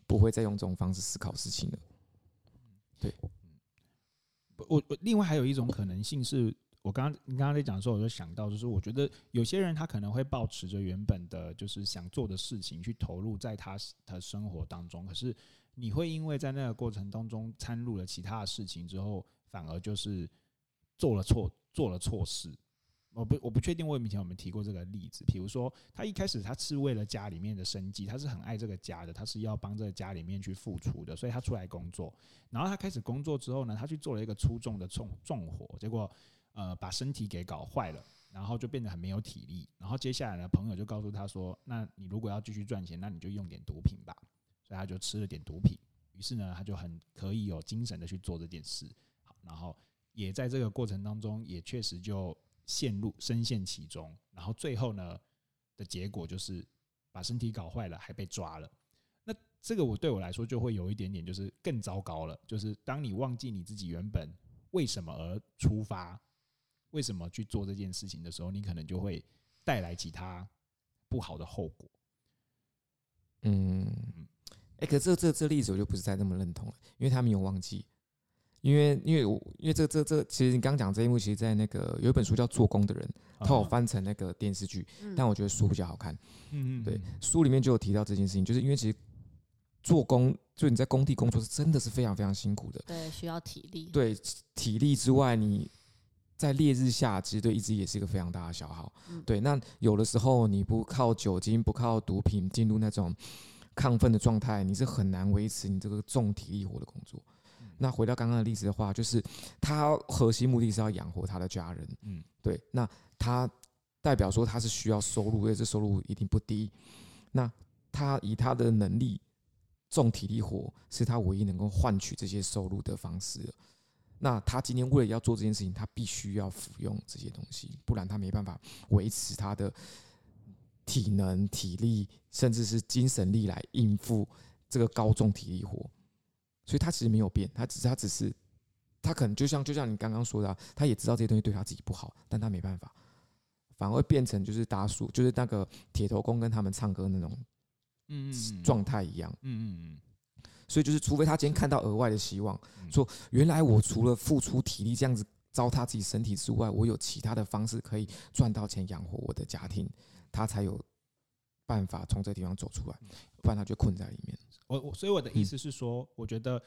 不會再用這種方式思考事情了。對。我我另外還有一種可能性是。我剛你剛剛在講的時候，我就想到，就是我覺得有些人他可能會抱持着原本的，就是想做的事情去投入在他的生活當中。可是你會因為在那個過程當中摻入了其他的事情之後，反而就是做了錯做了錯事。我不我不確定我以前有沒有提過這個例子。比如說，他一開始他是為了家裡面的生計，他是很愛這個家的，他是要幫這個家裡面去付出的，所以他出來工作。然後他開始工作之後呢，他去做了一個粗重的重重活，結果。呃，把身體給搞壞了，然後就變得很沒有體力。然後接下來呢，朋友就告訴他說：“那你如果要繼續賺錢，那你就用點毒品吧。”所以他就吃了點毒品。於是呢，他就很可以有精神的去做這件事。好，然後也在這個過程當中，也確實就陷入深陷其中。然後最後呢的結果就是把身體搞壞了，還被抓了。那這個我對我來說就會有一點點，就是更糟糕了。就是當你忘記你自己原本為什麼而出發。為什麼去做這件事情的時候，你可能就會帶來其他不好的後果？嗯，哎、欸，可是這個、這個、這個例子我就不是再那麼認同了，因為他沒有忘記，因為因為我因為這個、這這個，其實你剛講這一幕，其實，在那個有一本書叫《做工的人》，他有翻成那個電視劇、嗯，但我覺得書比較好看。嗯嗯，對，書裡面就有提到這件事情，就是因為其實做工，就你在工地工作是真的是非常非常辛苦的，對，需要體力，對，體力之外你。在烈日下，其實對意志力也是一個非常大的消耗。嗯、對，那有的時候你不靠酒精、不靠毒品進入那種亢奮的狀態，你是很難維持你這個重體力活的工作。嗯、那回到剛剛的例子的話，就是他核心目的是要養活他的家人。嗯，對，那他代表說他是需要收入，因為這收入一定不低。那他以他的能力，重體力活是他唯一能夠換取這些收入的方式。那他今天為了要做這件事情，他必須要服用這些東西，不然他沒辦法維持他的體能、體力，甚至是精神力來應付這個高重體力活。所以，他其實沒有變，他只是他只是他可能就像就像你剛剛說的，他也知道這些東西對他自己不好，但他沒辦法，反而會變成就是大叔，就是那個鐵頭功跟他們唱歌那種，狀態一樣，嗯嗯嗯，嗯。嗯嗯所以就是，除非他今天看到額外的希望，說原來我除了付出體力這樣子糟蹋自己身體之外，我有其他的方式可以賺到錢養活我的家庭，他才有辦法從這個地方走出來，不然他就困在裡面。嗯，我，我我所以我的意思是說，我覺得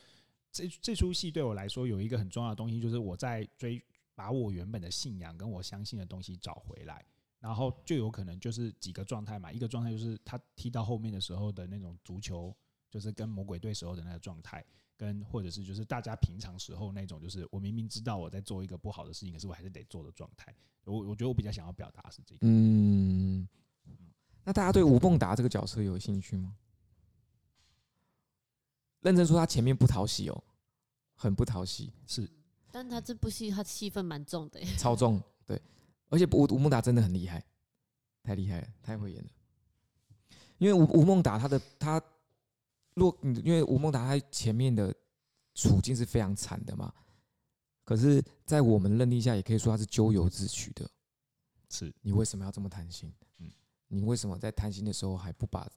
這這出戲對我來說有一個很重要的東西，就是我在追把我原本的信仰跟我相信的東西找回來，然後就有可能就是幾個狀態嘛，一個狀態就是他踢到後面的時候的那種足球。就是跟魔鬼對時候的那個狀態，跟或者是就是大家平常時候那種，就是我明明知道我在做一個不好的事情，可是我還是得做的狀態。我我覺得我比較想要表達是這個。嗯，那大家對吳孟達這個角色有興趣嗎？認真說，他前面不討喜哦，很不討喜。是、嗯，但他這部戲他氣氛蠻重的耶、嗯，超重。對，而且吳吳孟達真的很厲害，太厲害了，太會演了。因為吳吳孟達他的他。若因為吳孟達他前面的處境是非常慘的嘛，可是，在我們認定下，也可以說他是咎由自取的。是，你為什麼要這麼貪心？嗯，你為什麼在貪心的時候還不把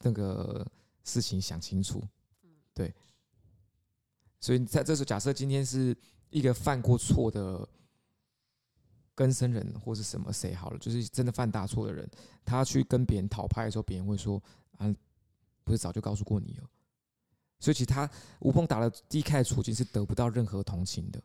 那個事情想清楚？嗯，對。所以在這時候，假設，今天是一個犯過錯的更生人，或是什麼誰好了，就是真的犯大錯的人，他去跟別人討拍的時候，別人會說啊。不是早就告訴過你了，所以其他吳孟達的低開處境是得不到任何同情的，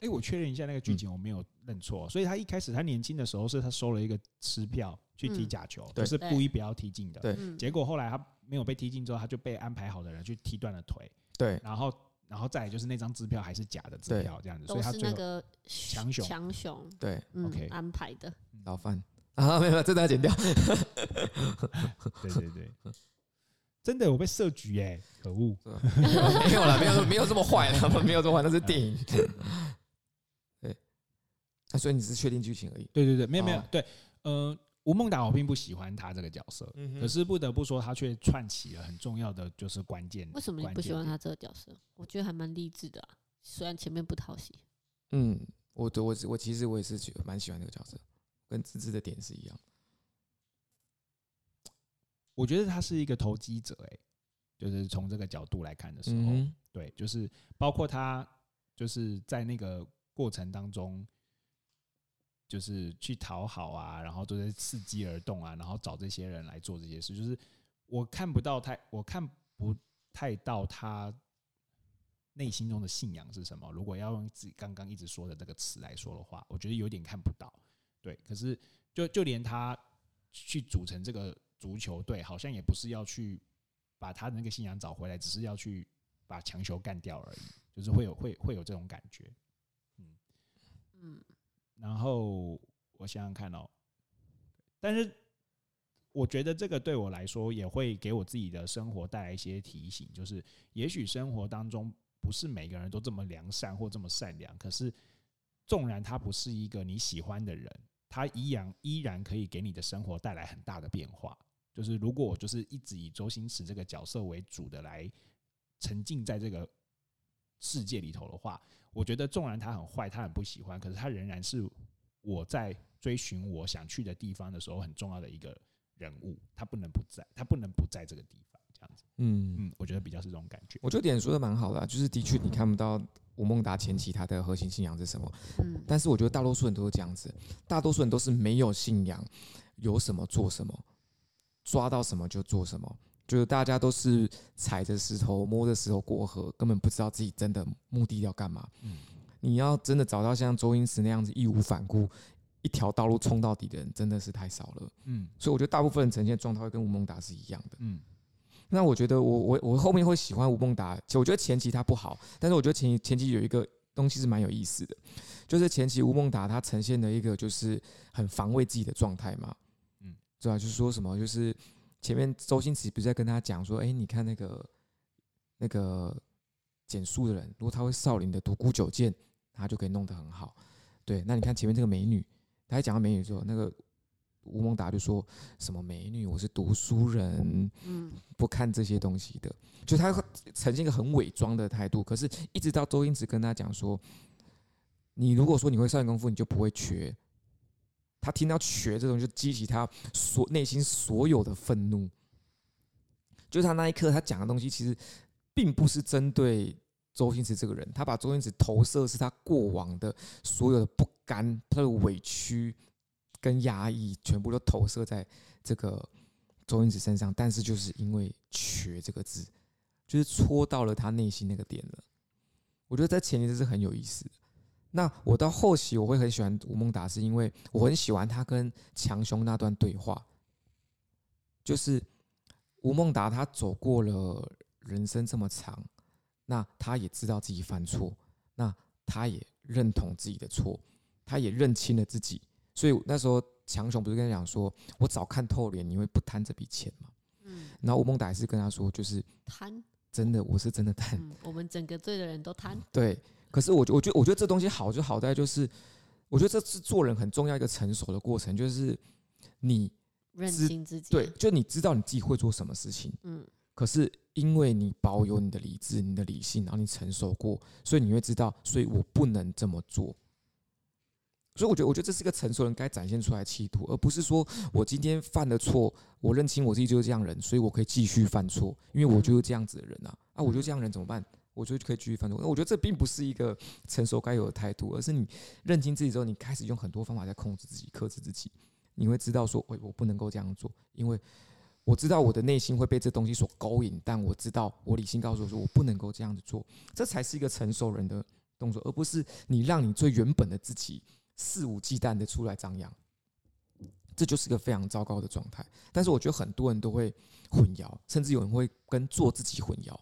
欸。哎，我確認一下那個劇情，我沒有認錯。嗯、所以他一開始他年輕的時候是他收了一個支票去踢假球，對、嗯，是故意不要踢進的對。對，結果後來他沒有被踢進之後，他就被安排好的人去踢斷了腿。對，然後，然後再來就是那張支票還是假的支票，這樣子。所以是那個強雄，強雄對、嗯、OK 安排的。老范啊，沒有，真的要剪掉、嗯。 (laughs) 對對對，對。真的，我被設局哎、欸，可惡、啊！ (laughs) 沒有了，沒有，沒有這麼壞了 (laughs) 沒有這麼壞，那是電影。啊、對，對，對， (laughs) 對，所以你是確定劇情而已。對對對，沒有、啊、沒有。對，呃，吳孟達，我並不喜歡他這個角色，嗯、可是不得不說，他卻串起了很重要的，就是關鍵。為什麼你不喜歡他這個角色？我覺得還蠻勵志的、啊，雖然前面不討喜。嗯，我我我其實我也是蠻喜歡這個角色，跟芝芝的點是一樣我覺得他是一個投機者，欸，哎，就是從這個角度來看的時候，嗯嗯對，就是包括他就是在那個過程當中，就是去討好啊，然後都在伺機而動啊，然後找這些人來做這些事，就是我看不到太，我看不太到他內心中的信仰是什麼。如果要用自己剛剛一直說的這個詞來說的話，我覺得有點看不到。對，可是就就連他去組成這個。足球隊好像也不是要去把他的那個信仰找回來，只是要去把強雄幹掉而已，就是會有會會有這種感覺，嗯嗯。然後我想想看哦，但是我覺得這個對我來說也會給我自己的生活帶來一些提醒，就是也許生活當中不是每個人都這麼良善或這麼善良，可是縱然他不是一個你喜歡的人，他依然依然可以給你的生活帶來很大的變化。就是如果我就是一直以周星馳這個角色為主的來沉浸在這個世界裡頭的話，我覺得縱然他很壞，他很不喜歡，可是他仍然是我在追尋我想去的地方的時候很重要的一個人物，他不能不在，他不能不在這個地方，這樣子。嗯嗯，我覺得比較是這種感覺。我覺得點說的蠻好的啊，就是的確你看不到吳孟達前期他的核心信仰是什麼，嗯，但是我覺得大多數人都是這樣子，大多數人都是沒有信仰，有什麼做什麼。抓到什麼就做什麼，就是大家都是踩着石頭摸着石頭過河，根本不知道自己真的目的要幹嘛。嗯，你要真的找到像周星馳那樣子義無反顧、嗯、一條道路衝到底的人，真的是太少了。嗯，所以我覺得大部分人呈現狀態會跟吳孟達是一樣的。嗯，那我覺得我我我後面會喜歡吳孟達，我覺得前期他不好，但是我覺得前前期有一個東西是蠻有意思的，就是前期吳孟達他呈現了一個就是很防衛自己的狀態嘛。主要、啊、就是說什麼，就是前面周星馳不是在跟他講說，哎，你看那個那個減速的人，如果他會少林的獨孤九劍，他就可以弄得很好。對，那你看前面這個美女，他一講到美女之後，那個吳孟達就說什麼美女，我是讀書人，嗯，不看這些東西的，就他呈現一個很偽裝的態度。可是，一直到周星馳跟他講說，你如果說你會少林功夫，你就不會瘸。他聽到“瘸”這種，就激起他所內心所有的憤怒。就是他那一刻，他講的東西其實並不是針對周星馳這個人，他把周星馳投射是他過往的所有的不甘、他的委屈跟壓抑，全部都投射在這個周星馳身上。但是就是因為“瘸”這個字，就是戳到了他內心那個點了。我覺得在前一陣是很有意思。那我到後期我會很喜歡吳孟達，是因為我很喜歡他跟強雄那段對話，就是吳孟達他走過了人生這麼長，那他也知道自己犯錯，那他也認同自己的錯，他也認清了自己。所以那時候強雄不是跟他講說：“我早看透臉，你會不貪這筆錢嘛？”然後吳孟達也是跟他說：“就是貪，真的，我是真的貪。”我們整個隊的人都貪。對。可是我覺，我覺得，我覺得這東西好就好在就是，我覺得這是做人很重要一個成熟的過程，就是你認清自己，對，就你知道你自己會做什麼事情，嗯。可是因為你保有你的理智、你的理性，然後你成熟過，所以你會知道，所以我不能這麼做。所以我覺得，我覺得這是一個成熟人該展現出來的氣度，而不是說我今天犯的錯，我認清我自己就是這樣人，所以我可以繼續犯錯，因為我就是這樣子的人啊，啊，我就這樣人怎麼辦？我覺得可以繼續放縱，我覺得這並不是一個成熟該有的態度，而是你認清自己之後，你開始用很多方法在控制自己、克制自己。你會知道說，我不能夠這樣做，因為我知道我的內心會被這東西所勾引，但我知道我理性告訴我說，我不能夠這樣子做，這才是一個成熟人的動作，而不是你讓你最原本的自己肆無忌憚的出來張揚。這就是一個非常糟糕的狀態。但是我覺得很多人都會混淆，甚至有人會跟做自己混淆。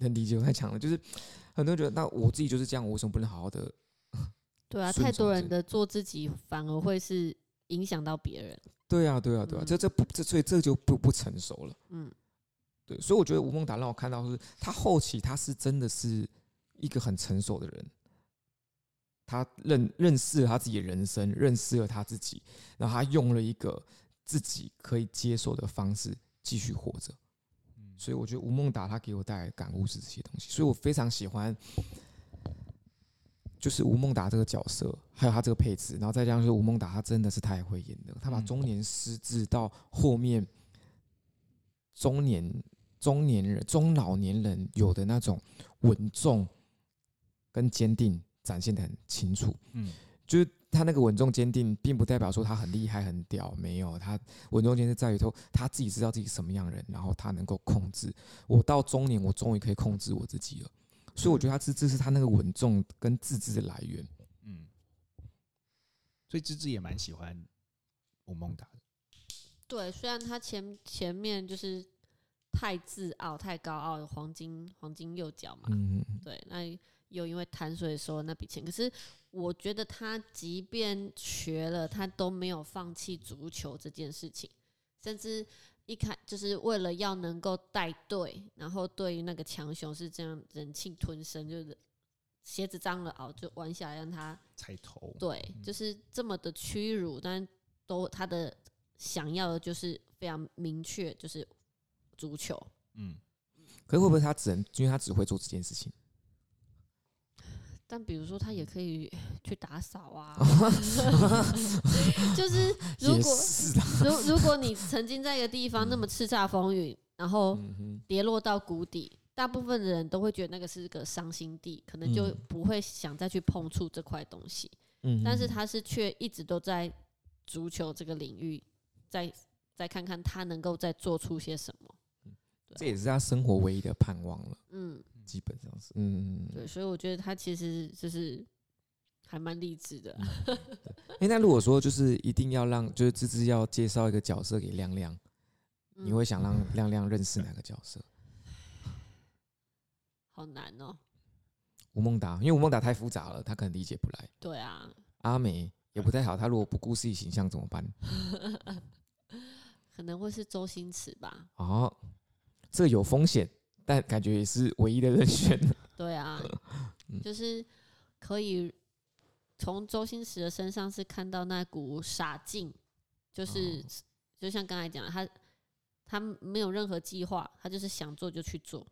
很理解太強了，就是很多人覺得，那我自己就是這樣，我為什麼不能好好的？對啊，太多人的做自己反而會是影響到別人對、啊。對啊，對啊，對啊，嗯、這這不這，所以這就不不成熟了。嗯，對，所以我覺得吳孟達讓我看到是，他後期他是真的是一個很成熟的人，他認認識了他自己的人生，認識了他自己，然後他用了一個自己可以接受的方式繼續活着。所以我覺得吳孟達他給我帶來的感悟是這些東西，所以我非常喜歡，就是吳孟達這個角色，還有他這個配置，然後再加上吳孟達他真的是太會演了，他把中年失志到後面中，中年中年人中老年人有的那種穩重跟堅定展現的很清楚，嗯，就是。他那個穩重堅定，並不代表說他很厲害很屌，沒有，他穩重堅定在於他他自己知道自己是什麼樣人，然後他能夠控制。我到中年，我終於可以控制我自己了，所以我覺得他自自是他那個穩重跟自制的來源。嗯，所以芝芝也蠻喜歡吳孟達的。對，雖然他前前面就是太自傲、太高傲有黃金黃金右腳嘛，嗯對，那。又因為貪，所以收了那筆錢。可是我覺得他即便瘸了，他都沒有放棄足球這件事情。甚至一開就是為了要能夠帶隊，然後對於那個強雄是這樣忍氣吞聲，就是鞋子髒了哦，就彎下來讓他踩頭。對，就是這麼的屈辱，但都他的想要的就是非常明確，就是足球。嗯，嗯，可是會不會他只能，因為他只會做這件事情？但比如說，他也可以去打掃啊。 (laughs) (laughs) 就是如果是如果如果你曾經在一個地方那麼叱咤風雲，然後跌落到谷底，大部分的人都會覺得那個是個傷心地，可能就不會想再去碰觸這塊東西。嗯嗯嗯，但是他是卻一直都在足球這個領域，在再看看他能夠再做出些什麼。嗯，這也是他生活唯一的盼望了。嗯。基本上是，嗯，對，所以我覺得他其實就是還蠻勵志的、啊嗯。哎、欸，那如果說就是一定要讓，就是芝芝要介紹一個角色給亮亮、嗯，你會想讓亮亮認識哪個角色？嗯嗯、好難哦。吳孟達，因為吳孟達太複雜了，他可能理解不來。對啊。阿美也不太好，他如果不顧自己形象怎麼辦？嗯、可能會是周星馳吧。哦，這有風險。但感覺也是唯一的人選。對啊，就是可以從周星馳的身上是看到那股傻勁，就是就像剛才講，他他沒有任何計劃，他就是想做就去做。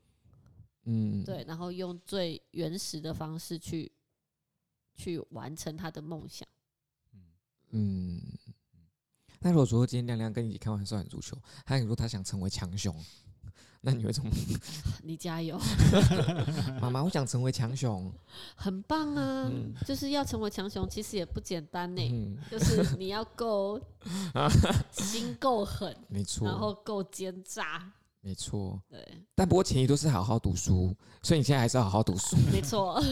嗯，對，然後用最原始的方式去去完成他的夢想嗯。嗯，那如果說今天亮亮跟你一起看完《少林足球》，他你說他想成為強雄。你會從？你加油，媽媽！我想成為強雄，很棒啊、嗯！就是要成為強雄，其實也不簡單呢、欸嗯。就是你要夠心夠狠，沒、啊、錯，然後夠奸詐，沒錯。對，但不過前提都是好好讀書，所以你現在還是要好好讀書，沒錯。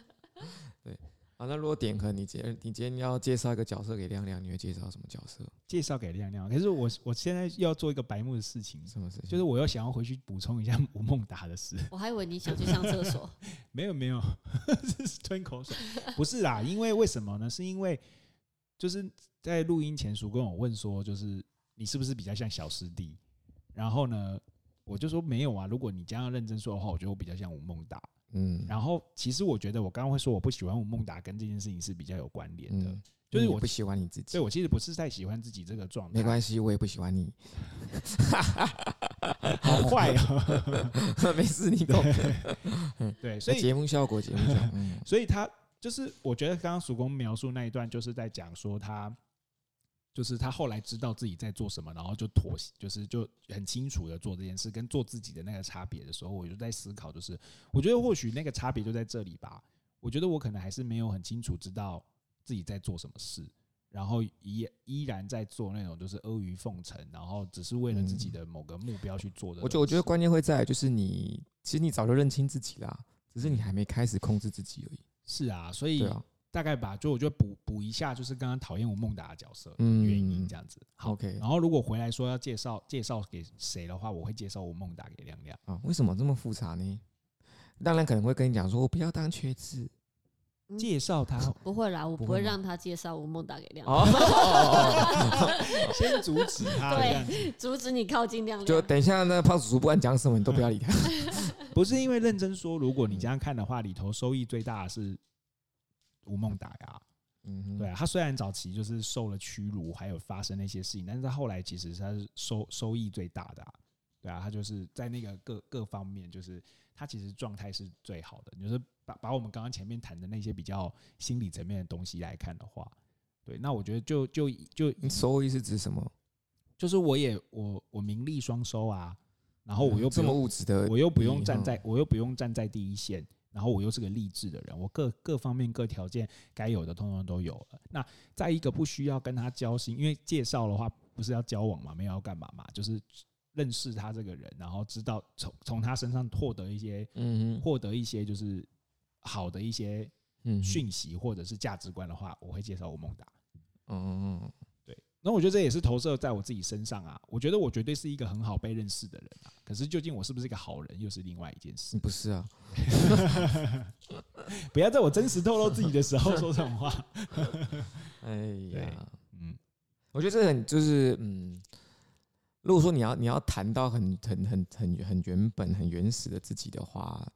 (laughs) 好、啊，那如果點你今天你今天要介紹一個角色給亮亮，你會介紹什麼角色？介紹給亮亮，可是我我現在要做一個白目的事情。是不是？就是我要想要回去補充一下吳孟達的事。我還以為你想去上廁所 (laughs) 沒。沒有沒有，這 (laughs) 是吞口水。不是啦，因為為什麼呢？是因為就是在錄音前，叔跟我問說，就是你是不是比較像小師弟？然後呢，我就說沒有啊。如果你這樣認真說的話，我覺得我比較像吳孟達。嗯，然後其實我覺得，我剛剛會說我不喜歡吳孟達，跟這件事情是比較有關聯的。嗯，就是我不喜歡你自己對，所以我其實不是太喜歡自己這個狀態。沒關係，我也不喜歡你， (laughs) 好壞哦，沒事你懂。嗯，對，所以節目效果，所以他就是我覺得剛剛曙光描述那一段，就是在講說他。就是他後來知道自己在做什麼，然後就妥協，就是就很清楚的做這件事，跟做自己的那個差別的時候，我就在思考，就是我覺得或許那個差別就在這裡吧。我覺得我可能還是沒有很清楚知道自己在做什麼事，然後依依然在做那種就是阿諛奉承，然後只是為了自己的某個目標去做的事。嗯，我覺得，我覺得關鍵會在就是你，其實你早就認清自己啦，只是你還沒開始控制自己而已。是啊，所以。大概吧，就我就補補一下，就是剛剛討厭吳孟達的角色的原因這樣子、嗯好。OK，然後如果回來說要介紹介紹給誰的話，我會介紹吳孟達給亮亮啊。為什麼這麼複雜呢？當然可能會跟你講說，我不要當瘸子、嗯。介紹他不會啦，我不會讓他介紹吳孟達給亮亮。哦， (laughs) 哦哦哦、 (laughs) 先阻止他，對，阻止你靠近亮亮。就等一下，那胖叔叔不管講什麼你都不要理他。嗯、 (laughs) 不是因為認真說，如果你這樣看的話，裡頭收益最大的是。吳孟達呀，嗯，對啊，他雖然早期就是受了屈辱，還有發生那些事情，但是他後來其實他是收收益最大的啊，對啊，他就是在那個各各方面，就是他其實狀態是最好的。就是把把我們剛剛前面談的那些比較心理層面的東西來看的話，對，那我覺得就就就，就收益是指什麼？就是我也我我名利雙收啊，然後我又這麼物質的，我又不用站在，嗯，我又不用站在第一線。然後我又是個勵志的人，我各各方面各條件該有的通通都有了。那再一個不需要跟他交心，因為介紹的話不是要交往嘛，沒有要幹嘛嘛，就是認識他這個人，然後知道從從他身上獲得一些，嗯，獲得一些就是好的一些訊息或者是價值觀的話，我會介紹吳孟達。嗯。嗯那我覺得這也是投射在我自己身上啊。我覺得我絕對是一個很好被認識的人啊。可是究竟我是不是一個好人，又是另外一件事。不是啊 (laughs) (laughs) 不要在我真實透露自己的時候說什麼話。 (laughs) 哎呀，嗯，我覺得這很就是嗯，如果說你要你要談到很很很很很原本很原始的自己的話，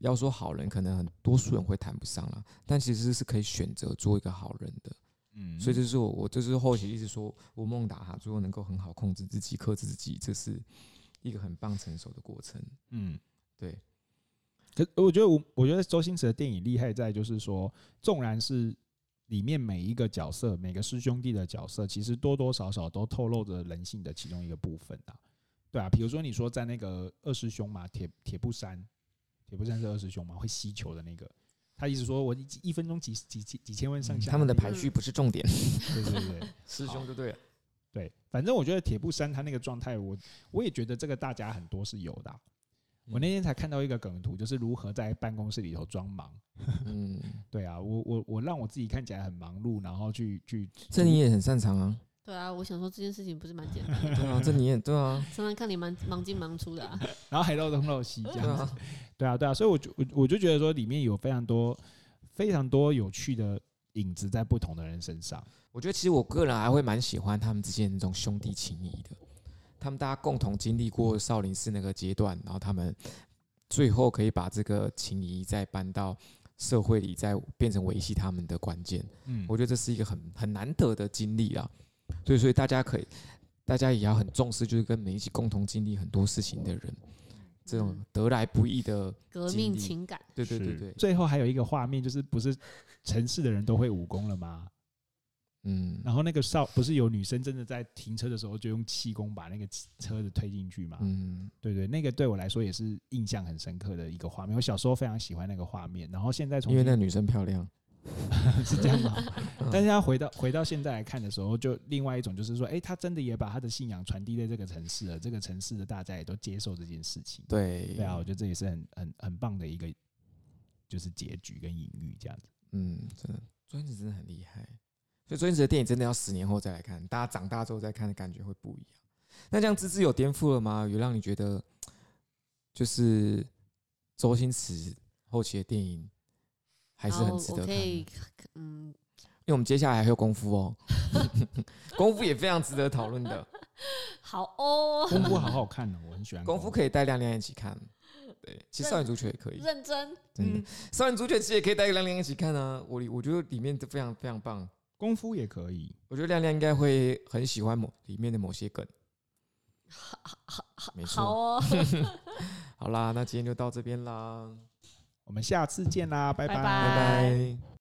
要說好人，可能很多數人會談不上啦。但其實是可以選擇做一個好人的。嗯，所以這是我，我就是後期一直說，吳孟達他最後能夠很好控制自己、克制自己，這是一個很棒成熟的過程。嗯，對。可我覺得，我我覺得周星馳的電影厲害在就是說，縱然是裡面每一個角色、每個師兄弟的角色，其實多多少少都透露着人性的其中一個部分啊。對啊，比如說你說在那個二師兄嘛，鐵鐵布衫，鐵布衫是二師兄嘛，會吸球的那個。他一直說，我一一分鐘幾幾幾幾千萬上下、嗯。他們的排序不是重點， (laughs) 對對對，師 (laughs) 兄就對了。對，反正我覺得鐵布衫他那個狀態我，我我也覺得這個大家很多是有的、啊嗯。我那天才看到一個梗圖，就是如何在辦公室裡頭裝忙。嗯，對啊，我我我讓我自己看起來很忙碌，然後去去。這你也很擅長啊。對啊，我想說這件事情不是蠻簡單的 (laughs) 對、啊。這你也對啊，常常看你蠻忙，忙進忙出的、啊。 (laughs) 然後還漏東漏西。漆這樣子。啊、對啊，對啊，所以我就我我就覺得說裡面有非常多非常多有趣的影子在不同的人身上。我覺得其實我個人還會蠻喜歡他們之間那種兄弟情誼的。他們大家共同經歷過少林寺那個階段，然後他們最後可以把這個情誼再搬到社會裡，再變成維繫他們的關鍵。嗯，我覺得這是一個很很難得的經歷啊。所以，所以大家可以，大家也要很重視，就是跟我們一起共同經歷很多事情的人，這種得來不易的革命情感。對對對，對，對。最後還有一個畫面，就是不是城市的人都會武功了嗎？嗯。然後那個少不是有女生真的在停車的時候就用氣功把那個車子推進去嗎？嗯。對對，那個對我來說也是印象很深刻的一個畫面。我小時候非常喜歡那個畫面，然後現在從因為那個女生漂亮。 (laughs) 是這樣嗎？ (laughs) 但是他回到，回到現在來看的時候，就另外一種就是說，哎、欸，他真的也把他的信仰傳遞在這個城市了，這個城市的大家也都接受這件事情。對，對啊，我覺得這也是很很很棒的一個，就是結局跟隱喻這樣子。嗯，真的，周星馳真的很厲害，所以周星馳的電影真的要十年後再來看，大家長大之後再看的感覺會不一樣。那這樣，芝芝有顛覆了嗎？有讓你覺得就是周星馳後期的電影？還是很值得看，oh, 可以嗯，因為我們接下來還會有功夫哦， (laughs) 功夫也非常值得討論的。好哦，功夫好好看的、哦，我很喜歡。功夫可以帶亮亮一起看，對，其實少林足球也可以，認,認真，真的，少林足球其實也可以帶亮亮一起看啊。我我覺得裡面都非常非常棒，功夫也可以，我覺得亮亮應該會很喜歡某裡面的某些梗，好好好、啊，沒錯哦 (laughs) (laughs) 好啦，那今天就到這邊啦。我們下次見啦，拜拜，拜拜。